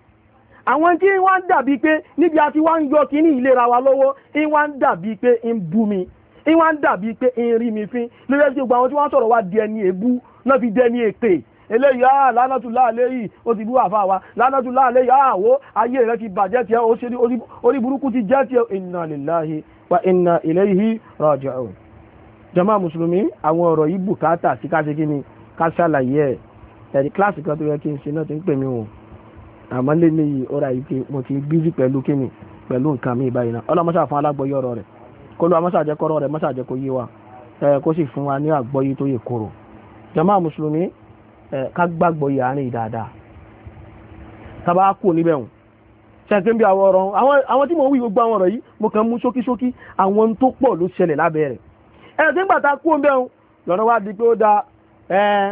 àwọn tí wọ́n dàbí pé níbi àti wọ́n ń yọ kíní ìlera wa lọ́wọ́ ń wọ́n dàbí pé ń bú mi ń wá ń dàbí pé ń rí mi fín lórí ẹsẹ̀ gbogbo àwọn tí wọ́n sọ̀rọ̀ wá di ẹni èébú náà fi dẹni èpè eléyìí ah lánàtú láàlẹ́ yìí ó ti bú àfa wa lánàtú láàlẹ́ yìí ah wo ayé rẹ ti bàjẹ́ tiẹ̀ ó ṣe orí burúkú ti jẹ́ tiẹ̀ inna lillahi wa inna ilayhi raji'un. jàmá mùsùlùmí àwọn ọ̀rọ̀ yìí bùkátà sí káṣe kí ni ká ṣàlàyé ẹ̀ ẹ̀rí kíláàsì kan tó yẹ kí n ṣe náà ti ń pè mí wọn àmọ́ lé ní yìí ó ra yìí mo ti bízí pẹ̀lú kí ni pẹ̀lú nǹkan mi ìbáyìí kó ló wa mọ́sàjẹ́kọ́rọ́ rẹ̀ mọ́sàjẹ́kọ́ yé wa kó sì fún wa ní àgbọ́yé tó yè kóró jàmáà mùsùlùmí ká gbàgbọ́ yìí àárín dáadáa tàbá kú níbẹ̀ hùn ṣẹ́kẹ́ bí àwọn ọ̀rọ̀ àwọn tí mo wí gbogbo àwọn ọ̀rọ̀ yìí mo kàn mú ṣókíṣókí àwọn tó pọ̀ ló ṣẹlẹ̀ lábẹ́ rẹ̀ ẹ̀rọ tí ń kú níbẹ̀ hùn lọ́rọ̀ wá di pé ó da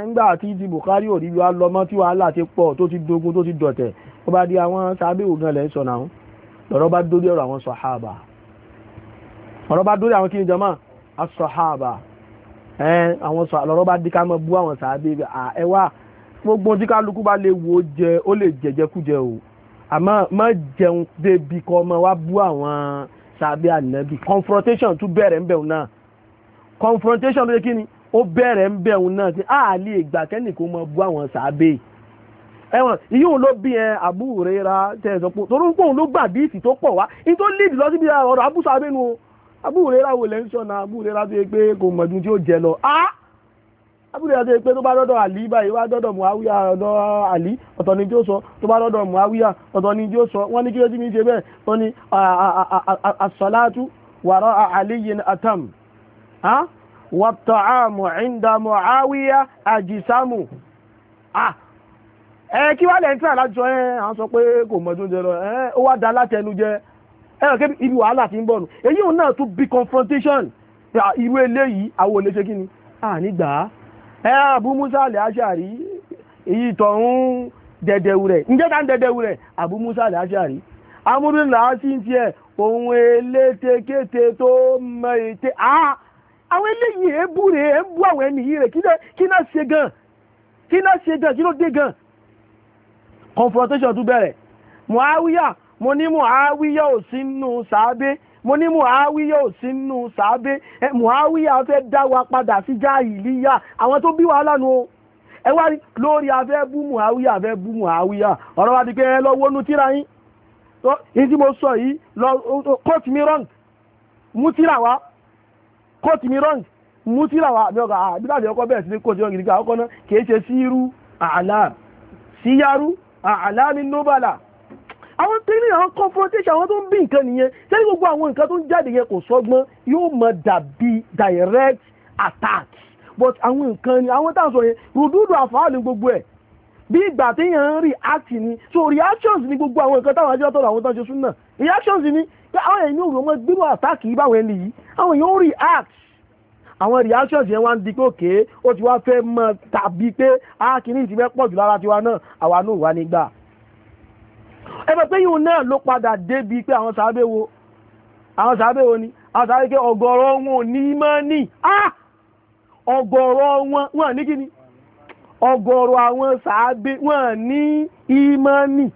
ńgbà tí ti Bukhari ò rí wa lọ mọ́ tí wàhálà ti pọ̀ tó ti dogun tó ti dọ̀tẹ̀ ó bá di àwọn sábẹ́ ògan lẹ́ lọ́rọ̀ bá dórí ọ̀rọ̀ àwọn sàhábà ọ̀rọ̀ bá dúró àwọn kí ni jọmọ́ asọ̀háàbà àwọn sọ àlọ́rọ̀ bá dí ká mọ́ bú àwọn sàábé ẹ wá gbogbo tí kálukú bá lè wo jẹ ó lè jẹjẹkújẹ o àmọ́ má jẹun débi kọ́ ọmọ wa bú àwọn sàábé ànábì confrontation tún bẹ̀rẹ̀ ń bẹ̀rù náà confrontation ló yẹ kí ni ó bẹ̀rẹ̀ ń bẹ̀rù náà tí àlè ìgbà kẹ́nì kó mọ bú àwọn sàábé ẹ̀wọ̀n ìyóò ló bí ẹ Abu Huraira tẹ̀sán pò torí pòun ló gbàdí ìsì tó pọ̀ wá ní tó lead lọ síbi ọ̀rọ̀ abúsàbẹ́nu o abúrera wò lẹ́ńsọ̀ náà abúrera tó yẹ pé kò mọ̀dún tí ó jẹ lọ á abúrera tó yẹ pé tó bá dọ́dọ̀ àlí báyìí wá dọ́dọ̀ muawiya ọ̀dọ̀ àlí ọ̀tọ̀ ni tí ó sọ tó bá dọ́dọ̀ muawiya ọ̀tọ̀ ni tí ó sọ wọ́n ní kí ló ti mi ṣe bẹ́ẹ̀ wọ́n ní atam ẹ̀rọ kébí ibi wàhálà ti ń bọ̀ nù èyí òun náà tún bí confrontation irú eléyìí àwọn olè ṣe kíni ànígbà ẹ àbú musa alẹ́ aṣáàrí èyí ìtọ̀hún dẹ̀dẹ̀wù rẹ̀ ǹjẹ́ ta ń dẹ̀dẹ̀wù rẹ̀ Abu musa alẹ́ aṣáàrí amúrúnlá sí ti ẹ̀ òun elétekéte tó mọ ète àwọn eléyìí èébú rẹ̀ èébú àwọn ẹni yìí rẹ̀ kí náà ṣe gan kí náà ṣe gan kí ló dé gan confrontation tún bẹ̀rẹ̀ muawiya mo ní muhawiya ò sí nù sàábé mo ní muhawiya ò sí nù sàábé ẹ muhawiya fẹ́ dá wa padà sí jahiliya àwọn tó bí wàhálà nù o ẹ wá lórí afẹ́ bú muhawiya afẹ́ bú muhawiya ọ̀rọ̀ wa di pé ẹ lọ wọnú tíra yín yìí tí mo sọ yìí lọ court mi wrong mú tíra wa court mi wrong mú tíra wa mi ọkọ àbí ah, láti ọkọ bẹ́ẹ̀ sí ní court wrong nígbà ọkọ náà kì í ṣe síirú àlá síyárú àlá ní nóbàlà àwọn confrontation àwọn tó ń bí nǹkan nìyẹn sẹ́yìn gbogbo àwọn nǹkan tó ń jáde yẹn kò sọ́gbọ́n yóò mọ dàbí direct attack but àwọn nǹkan ni àwọn táwọn sọ yẹn rùdúdù àfáàlì gbogbo ẹ̀ bí ìgbà téèyàn ń react ni so reactions ni gbogbo àwọn nǹkan táwọn ajá tọrọ àwọn tó ń ṣe súnà reactions ni pé àwọn èèyàn ò rò mọ gbírò attack yìí báwọn ẹni yìí àwọn èèyàn ó react àwọn reactions yẹn wá ń di pé òkè ó ti wá fẹ́ mọ tàbí pé a ah, kìíní ti fẹ́ pọ̀ jù lára tiwa náà àwa náà wà nígbà ẹgbẹ́ pé yíò náà ló padà débi pé àwọn sàábéwo àwọn ni àwọn sàábéké ọ̀gọ̀rọ̀ wọn ní mọ́ ní wọn ní àwọn wọn ní ní àwọn wọn ní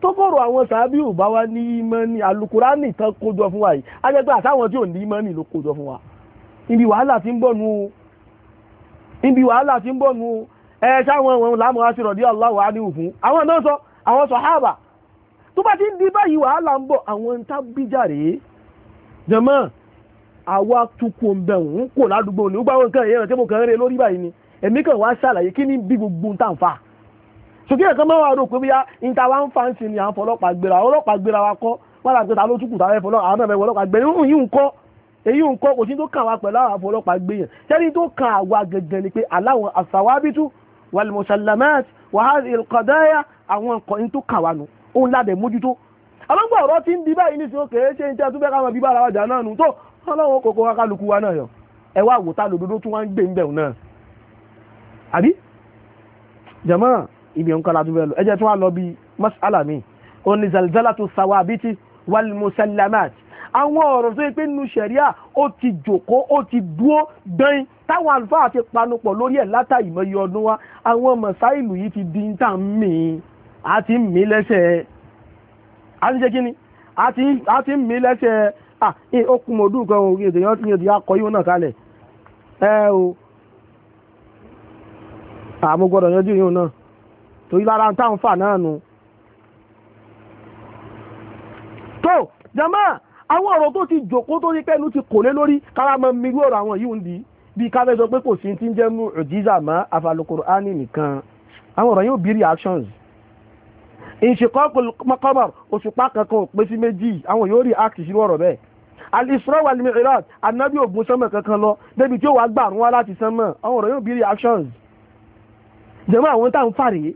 tó àwọn ò bá wá kójọ fún wa yìí a àtàwọn tí ò ní ló kójọ fún wa ti ń bọ̀ nù ibi wàhálà ti ń bọ̀ nù ẹ ṣáwọn ohun láàmù sí rọ̀dí Allahu anhu fún àwọn náà sọ àwọn sọ̀hábà tó bá ti ń di báyìí wàhálà ń bọ̀ àwọn tá bíjà rèé jẹ̀mọ́ àwa tukù ń bẹ̀ ń kò ládùúgbò ní gbogbo àwọn nǹkan èèyàn tí mo kàn ń lórí báyìí ni èmi kàn wá ṣàlàyé kí ní bí gbogbo ń tà ń fa ṣùgbọ́n èèyàn rò pé bíyá níta wá ń fa ń sin ni à ń fọlọ́pàá gbéra ọlọ́pàá gbéra wa kọ́ wàhálà pé ta ló túkù tàbí èyí ń kọ́ kò sí tó kàn wá pẹ̀lú àwọn afọlọ́pàá gbé sẹ́ni tó kàn àwa gẹ̀gẹ̀ ni pé aláwọn àṣàwábítú wàlmùsàlámàt wàhálì ìkọ̀dáyà àwọn nǹkan tó kà wà nù òun ládẹ̀ mójútó ọlọ́gbọ̀n ọ̀rọ̀ ti ń di báyìí ní sinú kèé ṣe ń tẹ́ túbẹ́ káwọn bíbá ara wa jà náà nù tó ọlọ́run kòkó wa kálukú wa náà yọ ẹ wá wò tá lòdòdó tún wá ń gbé ń bẹ̀rù náà àbí jama ibi ọ̀nkọ́ la dúbẹ́ lọ ẹ jẹ́ tún wá lọ bí mas'ala mi òun ni zalzalatu sawabiti wal musallamat àwọn ọ̀rọ̀ tó yẹ pé nínú ṣẹ̀ríà ó ti jòkó ó ti dúó gbẹ́yìn táwọn àlùfáà ti panupọ̀ lórí ẹ̀ látà ìmọ̀ye ọdún wa àwọn mọ̀sáìlù yìí ti di níta mí a ti ń mí lẹ́sẹ̀ a ṣe kí ni mí lẹ́sẹ̀ okùn mọ̀dún kan òun èdè yẹn ti yẹn ti yóò náà kalẹ̀ ẹ o àmọ́ gbọ́dọ̀ yanjú yóò náà torí lára táwọn fà náà nù. tó jama àwọn ọ̀rọ̀ tó ti jòkó tó ní pẹ́ẹ́nu ti kò lé lórí kára mọ mirú ọ̀rọ̀ àwọn yìí ń di bí ká fẹ́ sọ pé kò sí ti ń jẹ́ mú òjìzà mọ́ àfàlùkòrò áni nìkan àwọn ọ̀rọ̀ yóò bí reactions ìṣèkọ́kùn mọ́kọ́mọ̀ òṣùpá kankan ò pé sí méjì àwọn yóò react sí ọ̀rọ̀ bẹ́ẹ̀ al-Isra wal-Mi'raj anábì ògùn sánmọ̀ kankan lọ débi tí ó wà gbàrún wá láti sánmọ̀ àwọn ọ̀rọ̀ yóò bí reactions jẹ́mọ́ àwọn tá à ń fà rèé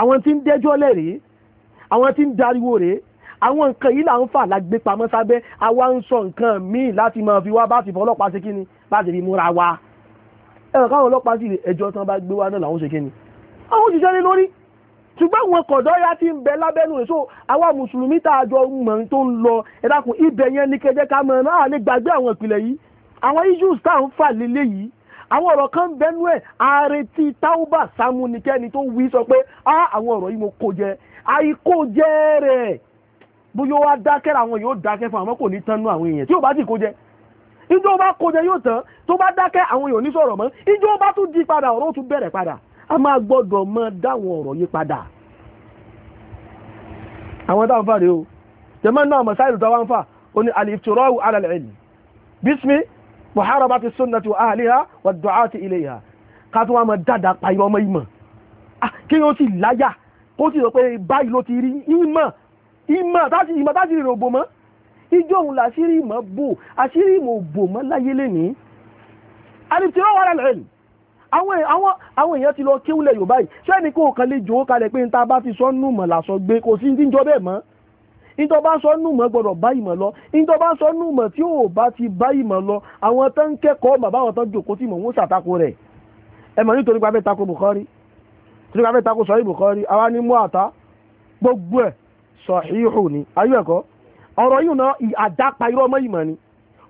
àwọn tí ń dẹ́jọ́ lẹ́rèé àwọn tí ń dariwo rèé àwọn nǹkan yìí là ń fà lágbé pamọ́ sábẹ́ àwa ń sọ nǹkan míì láti máa fi wá bá ti fọ ọlọ́pàá ṣe kíni láti fi múra wa ẹ̀rọ káwọn ọlọ́pàá sì ẹjọ́ tán bá gbé wá náà làwọn ṣe kíni àwọn òṣìṣẹ́ lé lórí ṣùgbọ́n àwọn kọ̀dọ́yà ti ń bẹ lábẹ́nu rẹ̀ so àwa mùsùlùmí tá a jọ mọ̀ tó ń lọ ẹ dákun ibẹ̀ yẹn ni kẹjẹ ká mọ̀ náà lè gbàgbé àwọn ìpìlẹ̀ yìí àwọn issues tá à ń fà lélẹ̀ yìí àwọn ọ̀rọ̀ kan bẹnu ẹ̀ àrètí táwùbà sámúnikẹ́ni tó wí sọ pé á àwọn ọ̀rọ̀ yìí mo kó jẹ àìkó jẹ́ rẹ̀ bóyá wá dákẹ́ àwọn yóò dákẹ́ fún àwọn kò ní tán nú àwọn èèyàn tí ò bá sì kó jẹ ìjọ bá kó jẹ yóò tán tó bá dákẹ́ àwọn èèyàn ní sọ̀rọ̀ mọ́ ìjọ bá tún di padà ọ̀rọ̀ tún bẹ̀rẹ̀ padà a máa gbọ́dọ̀ mọ dáwọn ọ̀rọ̀ yí padà àwọn táwọn fà rèé o jẹ́mọ́ náà mọ̀ sáìlù táwọn fà ó ní alìfitìrọ́wù muharabati sunnati wa ahliha wa du'ati ilayha ka tún wá mọ dáadáa pa irọ́ mọ́ ìmọ̀ ah, kí yóò sì láyà kó sì rò pé báyìí ló ti rí ìmọ̀ ìmọ̀ táti ìmọ̀ táti rìn òbò mọ́ ijó òun làṣírí ìmọ̀ bò àṣírí ìmọ̀ òbò mọ́ láyé lẹ́nìí alìtìrọ̀ wà lẹ́lẹ̀ àwọn èèyàn ti lọ kéwúlẹ̀ yorùbá yìí ṣé ní kó kan lè jòó kalẹ̀ pé níta bá fi sọ nù mọ̀ làṣọ gbé kò sí ní jọ bẹ́ẹ̀ mọ́ ìtọ́ bá sọ nù mọ̀ gbọ́dọ̀ bá ìmọ̀ lọ ìtọ́ bá sọ nù mọ̀ tí ò bá ti bá ìmọ̀ lọ àwọn tó ń kẹ́kọ̀ọ́ mọ̀ báwọn tó ń jòkó tí mọ̀ ń ṣàtakò rẹ̀ ẹ mọ̀ nítorí pé a fẹ́ torí pé a sọ́rí Bukhari àwa ni mú àtá gbogbo ẹ̀ sọ̀híhù ni ayé ẹ̀kọ́ ọ̀rọ̀ yìí náà àdápa irọ́ ọmọ ìmọ̀ ni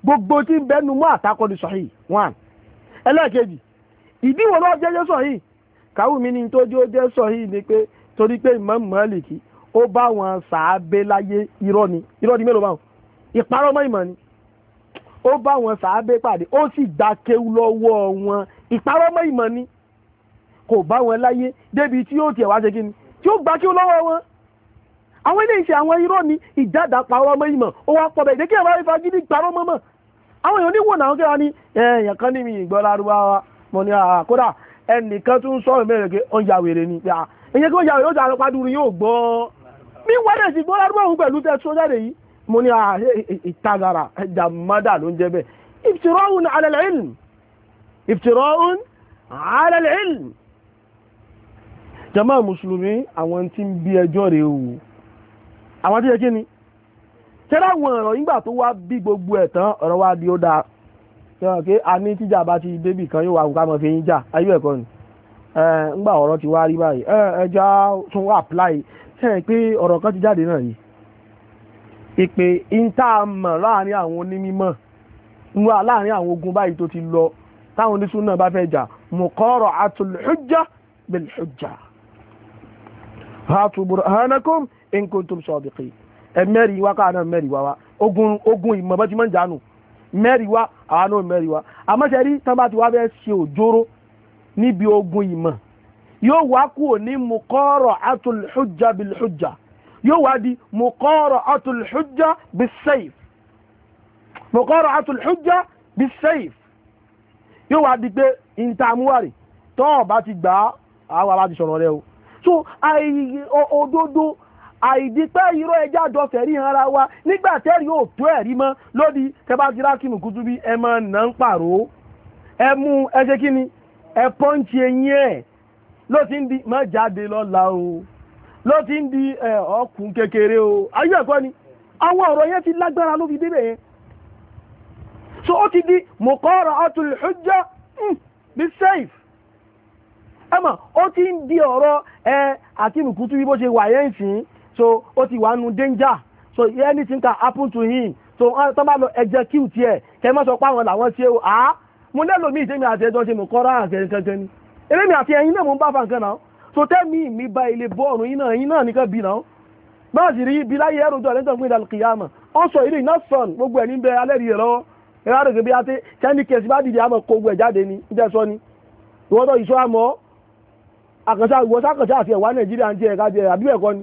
gbogbo tí ń bẹnu mọ́ àtakọ́ ni sọ̀hí one ẹlẹ́ẹ̀kejì ìdí wọn náà jẹ́jẹ́ sọ̀hí kàwù mi ni tó dé ó jẹ́ sọ̀hí ni pé torí pé Imam Málíkì ó bá wọn sàábé láyé irọ́ ni irọ́ ni mélòó báwọn ìparọ́ ọmọ ìmọ̀ ni ó bá wọn sàábé pàdé ó sì gba kéwú lọ́wọ́ wọn ìparọ́ ọmọ ìmọ̀ ni kò bá wọn láyé débi tí yóò tiẹ̀ wá ṣe kí ni tí ó gba kéwú lọ́wọ́ wọn àwọn eléyìí ṣe àwọn irọ́ ni ìjáda pàrọ̀ ọmọ ìmọ̀ ó wá pọ̀ bẹ́ẹ̀ dékè àwọn ìfagí ní ìparọ́ mọ́mọ́ àwọn èèyàn níwò náà kí wọ́n èèyàn kan ní mi ìgbọ́ lárúbáwá mo ní àkódà ẹnìkan tún sọ èmi ó ń ya wèrè ni pé ẹ̀yẹ kí ó ya wèrè ó mi òun pẹ̀lú yìí mo ní ìtagara jàmádà ló ń jẹ́ bẹ́ẹ̀ iftira'un 'ala mùsùlùmí àwọn tí ń bí ẹjọ́ rèé àwọn tó yẹ kí ni tẹ́lá àwọn ọ̀rọ̀ nígbà tó wá bí gbogbo ẹ̀ tán ọ̀rọ̀ wa di ó dáa tẹ́wọ̀n pé a ní tíjà bá ti débì kan yóò wá àwùká mọ̀ fi yín jà ayé ẹ̀kọ́ ni ńgbà ọ̀rọ̀ ti wá rí báyìí ẹja tún apply tẹ́ẹ̀ pé ọ̀rọ̀ kan ti jáde náà yìí ìpè ìntàmọ̀ láàrin àwọn onímọ̀ ńwá láàrin àwọn ogun báyìí tó ti lọ táwọn oníṣúná bá fẹ́ jà mọ̀kọ́rọ̀ àtúlùjá bẹ̀lùjá in kuntum sadiqin ẹ mẹ́rin wá káà náà mẹ́rin wá wá ogun ogun ìmọ̀ bá ti máa ń jánu mẹ́rin wá àwa náà mẹ́rin wá àmọ́ṣẹ́ rí tán bá ti ṣe òjóró níbi ogun ìmọ̀ yóò wá kúrò ní mukọ́rọ̀ atulhujja bilhujja yóò wá di mukọ́rọ̀ atulhujja bisayf mukọ́rọ̀ atulhujja bisayf yóò wá di pé ìntàmúwárì tọ́ọ̀ bá ti gbà á àwa bá ti sọ̀rọ̀ rẹ o so òdodo àìdípẹ́ irọ́ ẹja dọ̀fẹ̀ rí ara wa nígbà tẹ́rì ò tó ẹ̀rí mọ́ lódi tẹ́bátírá kìnnù kútú bí ẹ máa nà ń pààrọ̀ ẹ mú ẹ ṣe kí ni ẹ o ló ti ń di ọkùn o ayé ẹ̀kọ́ ni àwọn ọ̀rọ̀ yẹn ti lágbára ló fi débẹ̀ so ó di mọ̀kọ́rọ̀ bí safe ẹ mọ̀ ó ti ń di ọ̀rọ̀ ẹ bí so ó ti wà nù danger so anything can happen to him so tó bá lọ execute ẹ̀ kẹ́ mọ́ sọ pé àwọn làwọn ṣe o àá mo lẹ́lò mí ìṣẹ́mi àti ẹjọ́ ṣe mò kọ́ra àkẹ́kẹ́kẹ́ ni eré mi àti ẹ̀yin náà mo ń bá fa nǹkan náà so tẹ́mi mi ba ilé bọ́ọ̀rù yín náà yín náà nìkan bí náà báà sì rí ibi láyé ẹrù jọ lẹ́tọ̀ pé ìdàlùkìyàmọ̀ wọ́n sọ ilé iná sàn gbogbo ẹ̀ níbẹ̀ alẹ́rìí rẹ̀ lọ́wọ́ ẹ̀rọ àrògbé bí àti kẹ́ni kẹsì bá dìde àmọ́ kó gbogbo ẹ̀ jáde ni ìjẹ́ sọ ni ìwọ́n tó ìṣọ́ àmọ́ àkànṣe àwòṣà àkànṣe àti ẹ̀wà Nàìjíríà ń jẹ́ ẹ̀ka jẹ́ àbí ẹ̀kọ́ ni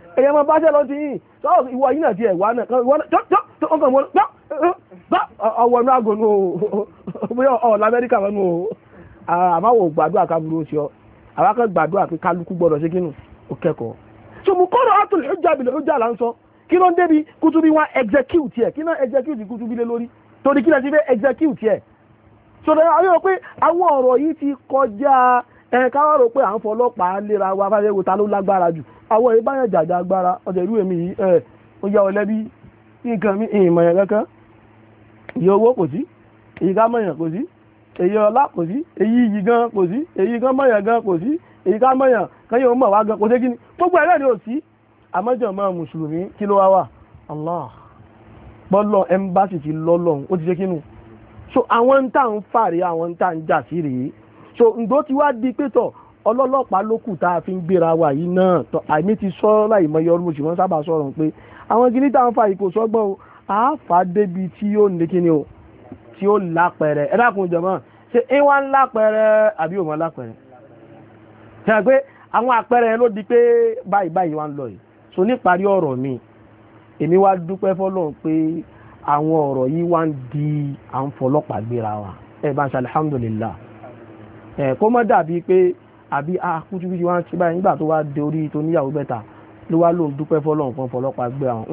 èyàn máa yìí náà ọwọ́ inú àgọ́ nù wọn nù àmáwò gbàdúrà ọ gbàdúrà pé kálukú ṣe kínú so mo kọ́ra atul hujja bil hujja là ń sọ kí ló ń débi wọn kí náà execute kútubí lé lórí torí kí náà ti fẹ́ execute ẹ̀ so dáná pé àwọn ọ̀rọ̀ yìí ti kọjá ẹ káwá rò pé à ń fọlọ́pàá léra wa fáfẹ́ wo ta ló lágbára jù àwọn ìbáyàn jàjà agbára ọ̀dẹ̀ irú èmi yìí ẹ̀ ó yá ọlẹ́bí nǹkan mi ìmọ̀ yẹn kankan iye owó kò sí èyí ká mọ̀yàn kò sí èyí ọlá kò sí èyí iyì gan kò sí èyí kan mọ̀yàn gan kò sí èyí ká mọ̀yàn kẹ́yìn ó mọ̀ wá gan kò sí kíni gbogbo ẹ̀rẹ́ ni ò sí àmọ́jọ̀mọ́ mùsùlùmí kí ló wá wà Allah bọ́lọ̀ ẹmbásì ti lọ́lọ́run ó so àwọn ń tà ń fàrí àwọn so ǹgbó ti wá di pé tọ̀ ọlọ́lọ́pàá ló kù tá a fi ń gbéra wa yìí náà tọ́ àìmí ti sọ láìmọye ọdún mo sì mọ́ sábà sọ̀rọ̀ pé àwọn gíní tá à ń fa ìkò sọ́gbọ́n o àáfà débi tí yóò ní kíni o tí ó lápẹẹrẹ ẹ dákun jọmọ ṣe ìwà ń lápẹẹrẹ àbí òun lápẹẹrẹ ṣe pé àwọn àpẹẹrẹ ló di pé báyìí báyìí wá ń lọ yìí so níparí ọ̀rọ̀ mi èmi wá dúpẹ́ fọlọ́run pé àwọn ọ̀rọ̀ yìí wá ń di à ń fọlọ́pàá gbéra wa ẹ bá ń ṣe alihamudulilayi ẹ̀ kó mọ́ dàbí pé àbí akútúbíṣe ah, wá ń ṣe báyìí nígbà tó wá dé orí tó níyàwó bẹ́ta ló wá lóun dúpẹ́ fọlọ́run kan fọlọ́pàá gbé àwọn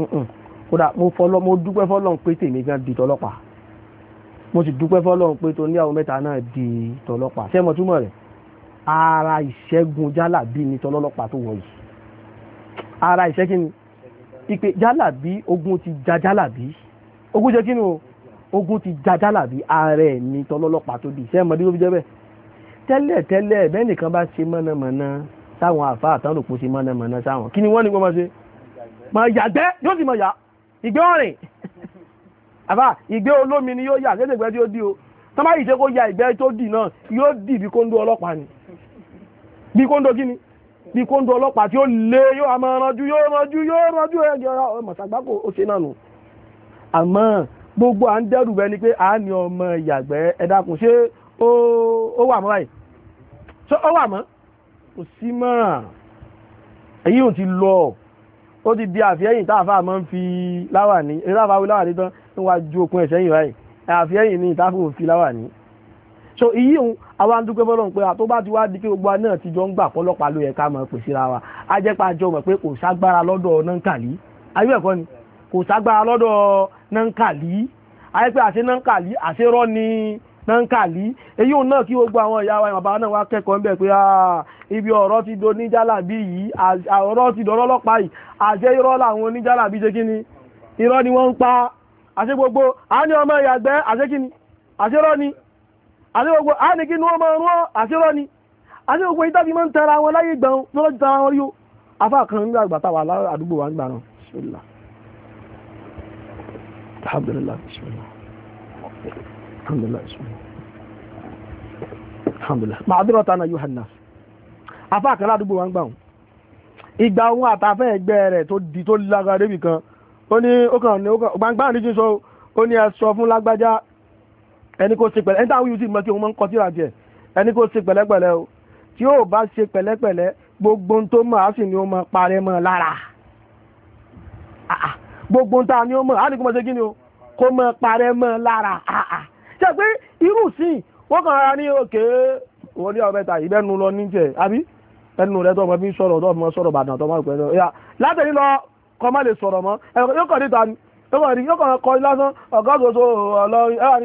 kódà mo fọlọ́ mo dúpẹ́ fọlọ́run pé tèmi gan di tọlọ́pàá mo sì dúpẹ́ fọlọ́run pé tó níyàwó mẹ́ta náà di tọlọ́pàá ṣé mo túmọ̀ rẹ̀ ara ìṣẹ́gun jálàbí ni tọlọ́lọ́pàá tó wọ̀ yìí ara ìṣẹ́ kí ni ìpè jálàbí ogun ti ja jálàbí ogun jẹ́ kí ni o ogun ti ja jálàbí ara ẹ̀ ni tọlọ́lọ́pàá tó di ṣé mo dé tó fi jẹ́ bẹ́ẹ̀ tẹ́lẹ̀ tẹ́lẹ̀ bẹ́ẹ̀ nìkan bá ṣe mọ̀nàmọ̀nà sáwọn àfáà àtàn lòpó ṣe mọ̀nàmọ̀nà sáwọn kí ni wọ́n ní kó máa ṣe máa yà gbẹ́ yóò sì máa yà ìgbẹ́ ọ̀rìn àfà ìgbẹ́ olómi ni yóò yà kéde ìgbẹ́ tí ó dì o tán bá yìí ṣe kó ya ìgbẹ́ tó dì náà yóò dì bí kóńdó ọlọ́pàá ni bí kóńdó kí ni bí kóńdó ọlọ́pàá tí ó lé yóò máa ranjú yóò ranjú yóò ranjú ẹ̀jọ̀ mọ̀sàgbákò ó ṣe náà nù àmọ́ gbogbo So ọ wà mọ́ kò sí mọ́ èyí ò ti lọ ó ti di àfihẹ́yìn táàfà máa ń fi láwà ní ìráfà wí láwà ní tán ń wá ju okun ẹ̀sẹ̀ yìí báyìí àfihẹ́yìn ní ìtàfà òfin láwà so èyí òun àwa ń dúpẹ́ fọlọ́run pé àtó bá ti wá di pé gbogbo náà ti jọ ń gbà pọ́lọ́pàá ló yẹ ká mọ̀ pèsè ra wa á jẹ́ pé àjọ mọ̀ pé kò ságbára lọ́dọ̀ nankali ayé ẹ̀kọ́ ni kò ságbára lọ́dọ̀ nankali ayé pé àṣẹ nankali àṣẹ rọ́ ni náà èyí òun náà kí gbogbo àwọn ìyá wa bàbá náà wá kẹ́kọ̀ọ́ ń bẹ̀ pé ah, ibi ọ̀rọ̀ ti do níjàlábí yìí ọ̀rọ̀ ti dọ̀rọ̀ ọlọ́pàá yìí àṣẹ irọ́ làwọn oníjàlábí ṣe kíni irọ́ ni wọ́n ń pa àṣẹ gbogbo àní ọmọ ìyàgbẹ́ àṣẹ kíni àṣẹ rọ́ ni àṣẹ gbogbo àní kíni wọ́n máa rán àṣẹ rọ́ ni àṣẹ gbogbo ìtàbí máa ń tara wọn láyé ìgbà lọ́jọ́ ti tara wọn yóò afá kan nígbà àgbàtà wà àdúgbò wa nígbà náà bismillah alhamdulillah bismillah alhamdulillah alhamdulillah màdúrà tánà yohanna afá kan ládùúgbò wa ń gbà wọn ìgbà òun àtàfẹ́ ẹgbẹ́ rẹ̀ tó di tó lágbára débì kan ó ní ó kàn ní gbangba níjú o ni ní ẹ sọ fún lágbájá ẹni kò ṣe pẹ̀lẹ́ ẹni táwọn yóò ti mọ̀ kí òun máa ń kọ síra díẹ̀ ẹni kò ṣe pẹ̀lẹ́pẹ̀lẹ́ o tí yóò bá ṣe pẹ̀lẹ́pẹ̀lẹ́ gbogbo ohun tó mọ̀ á sì ni ó mọ̀ parẹ́ mọ́ lára gbogbo ohun tá o ní ó mọ̀ á ní kó mọ̀ o kí ni o kó lara ah ah lára ṣe pé irú wọ́n kàn rárá ní òkè wọ́n ní ọ̀bẹ tàyí bẹ́ẹ̀ nu lọ níjẹ̀ àbí ẹnu rẹ tó ọmọ ń sọ̀rọ̀ tó sọ̀rọ̀ bàdàn tó ìpẹ́ náà látẹ̀lí lọ kọ́ má lè sọ̀rọ̀ mọ́ yóò kàn níta ni yóò kàn kọ́ lásán ọ̀gá òṣòṣò ọlọ́rin ẹ̀rọ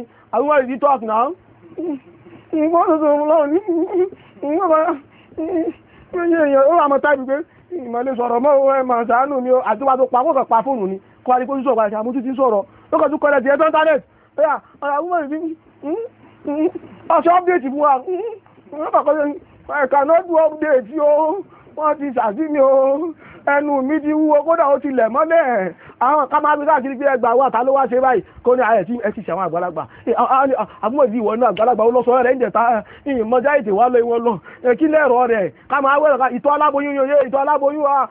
ni àbúrò ìdí hmm? Hmm? Ọsọ update update wọ́n ti o ẹnu mi ti ó ti lẹ̀ mọ́lẹ̀ àwọn ká máa káàkiri pé ẹgbà ṣe báyìí kó ní tí ẹ ti ṣàwọn àgbàlagbà àbúmọ̀ ìdí àgbàlagbà sọ rẹ̀ ń jẹ̀ta ìyìn ètè wá lọ lọ kí lẹ́rọ rẹ̀ ká máa wẹ̀rọ ká ìtọ́ aláboyún yóò yé ìtọ́ aláboyún wa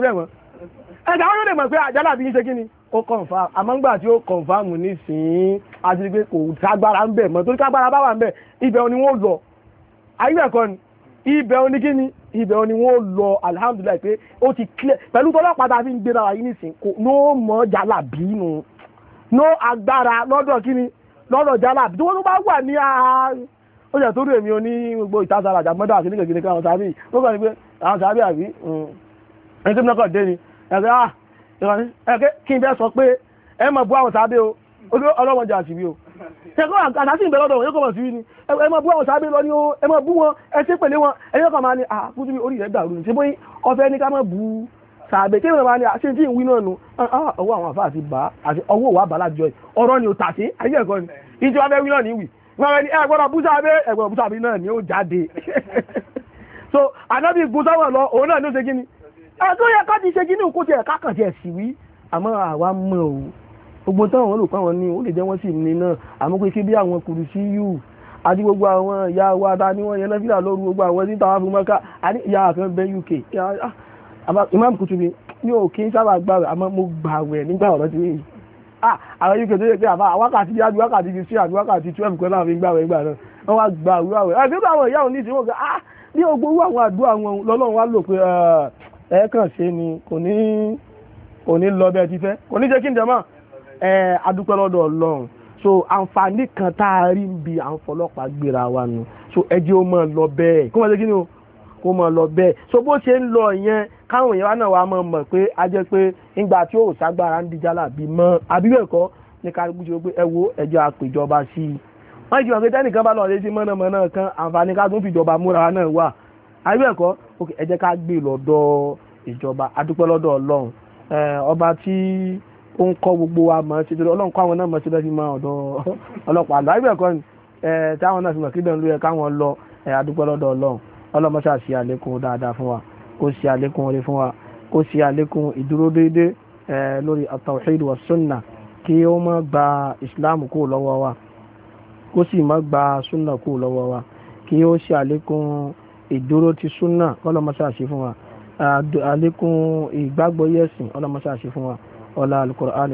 ọgbà ẹ̀dá wọn yóò lè mọ̀ pé àjálà bí ń ṣe kí ni ó confam àmọ́ngbà tí ó confam nísìnyí àti pé kò ságbára ń bẹ̀ mọ́ torí kágbára bá wà ń bẹ̀ ibẹ̀ ni wọ́n lọ ayíbẹ̀kọ́ ni ibẹ̀ ni kí ni ibẹ̀ ni wọ́n lọ alihamudulilayi pé ó ti clear pẹ̀lú tọ́lọ́pàá tá a fi ń gbéra yìí nísìn kò ní ó mọ̀ jálà bí nu ní agbára lọ́dọ̀ kí ni lọ́dọ̀ jálà bí wọ́n tó bá wà ní ó jẹ́ torí èmi oní gbogbo ìtasára àjàmọ́dá àti nígbàgbé ní káwọn sábì ó kàn ní pé ẹ̀rẹ́ à ìrọ̀lẹ́ ẹ̀kẹ́ kí n bẹ́ sọ pé ẹ mọ̀ bú àwọn sábẹ́ o ọlọ́wọ́n jà síbi o ṣẹ́kọ́ àdásí ìbẹ̀rẹ̀ ọ̀dọ̀ yóò kọ̀ sí ní ẹ mọ̀ bú àwọn sábẹ́ lọ ní o ẹ mọ̀ bú wọn ẹ ṣe pẹ̀lẹ́ wọn ẹ yóò kọ̀ máa ní àkútú mi orí rẹ̀ dàrú ṣe bóyí ọfẹ́ ní ká mọ̀ bú sábẹ́ kí wọ́n máa ní àṣẹ tí ìwí náà nu ọwọ́ àwọn àfa àti bá àti ọwọ́ wa bá lájọ ọ̀rọ̀ ni ò tà sí ayé ẹ̀kọ́ ni ìjọ abẹ́ wí náà ní ìwì wọ́n rẹ̀ ní ẹ gbọ́dọ̀ bú sábẹ́ ẹ gbọ́dọ̀ bú sábẹ́ náà ni ó jáde so ẹ̀tọ́ ah, yẹ ká ti ṣe jí ní òkú tiẹ̀ ká kàn tiẹ̀ sì wí àmọ́ àwa mọ̀ o gbogbo táwọn wọn lò pa wọn ní ó lè jẹ́ wọ́n sì ní náà àmọ́ pé kí bí àwọn kùrù sí yù àti gbogbo àwọn ìyá wa ta ni wọ́n yẹn lọ́fíà lóru gbogbo àwọn tí táwa fún mọ́ká àní ìyá àfẹ́ bẹ́ UK Imam Kutubi ní òkè sábà gbàwẹ̀ àmọ́ mo gbàwẹ̀ nígbà ọ̀rọ̀ ti yìí ah, àwọn UK tó yẹ pé àbá wákàtí bí àbí wákàtí ti sí àbí wákàtí twelve kan láàfin gbàwẹ̀ ìgbà náà wọ́n wá gbàwẹ̀ àwẹ̀ àti gbogbo àwọn ìyá òní ìsinmi ọ̀gá bí ah, ogbó owó àwọn àdúrà ẹ kàn ṣe ni kò ní kò ní lọ bẹ́ẹ̀ ti fẹ́ kò ní jẹ́ kí n jẹ́mọ́ ẹ adúpẹ́ lọ́dọ̀ ọlọ́run so àǹfààní kan tá a rí ń bi gbéra wa nù so ẹ jẹ́ ó máa lọ bẹ́ẹ̀ kó máa ṣe kí ni o kó máa lọ bẹ́ẹ̀ so bó ṣe ń lọ yẹn káwọn èèyàn náà wà máa mọ̀ pé a jẹ́ pé ńgbà tí ó ságbára ń dijálà bí mọ́ àbí bẹ́ẹ̀ kọ́ ní kálukú ṣe pé ẹ wo ẹjọ́ àpèjọba sí i wọ́n ti mọ̀ pé tẹ́nìkan bá lọ lé sí mọ́nàmọ́ná kan àǹfààní ká tún fìjọba múra náà wà àbí kọ́ ok ẹ jẹ́ ká gbé lọ́dọ̀ ìjọba adúpẹ́ lọ́dọ̀ ọlọ́run ọba tí ó ń kọ́ gbogbo wa mọ̀ ṣe torí ọlọ́run kọ́ àwọn náà mọ̀ ṣe lọ́sí máa ọ̀dọ̀ ọlọ́pàá àlọ́ àgbẹ̀ kọ́ni táwọn náà fi mọ̀ kíbẹ̀ ń lóye káwọn lọ adúpẹ́ lọ́dọ̀ ọlọ́run ọlọ́mọ ṣáà ṣe àlékún dáadáa fún wa kó ṣe àlékún oore fún wa kó ṣe àlékún ìdúró déédéé lórí at-tawhid kí ó má gba islam kú lọ́wọ́ wa kó sì má gba sunna kú lọ́wọ́ wa kí ó ṣe àlékún ìdúró ti súnà ọlọ́mọṣá ṣe fún wa àlékún ìgbàgbọ́ yẹ̀sìn ọlọ́mọṣá ṣe fún wa ọlá al-Qur'an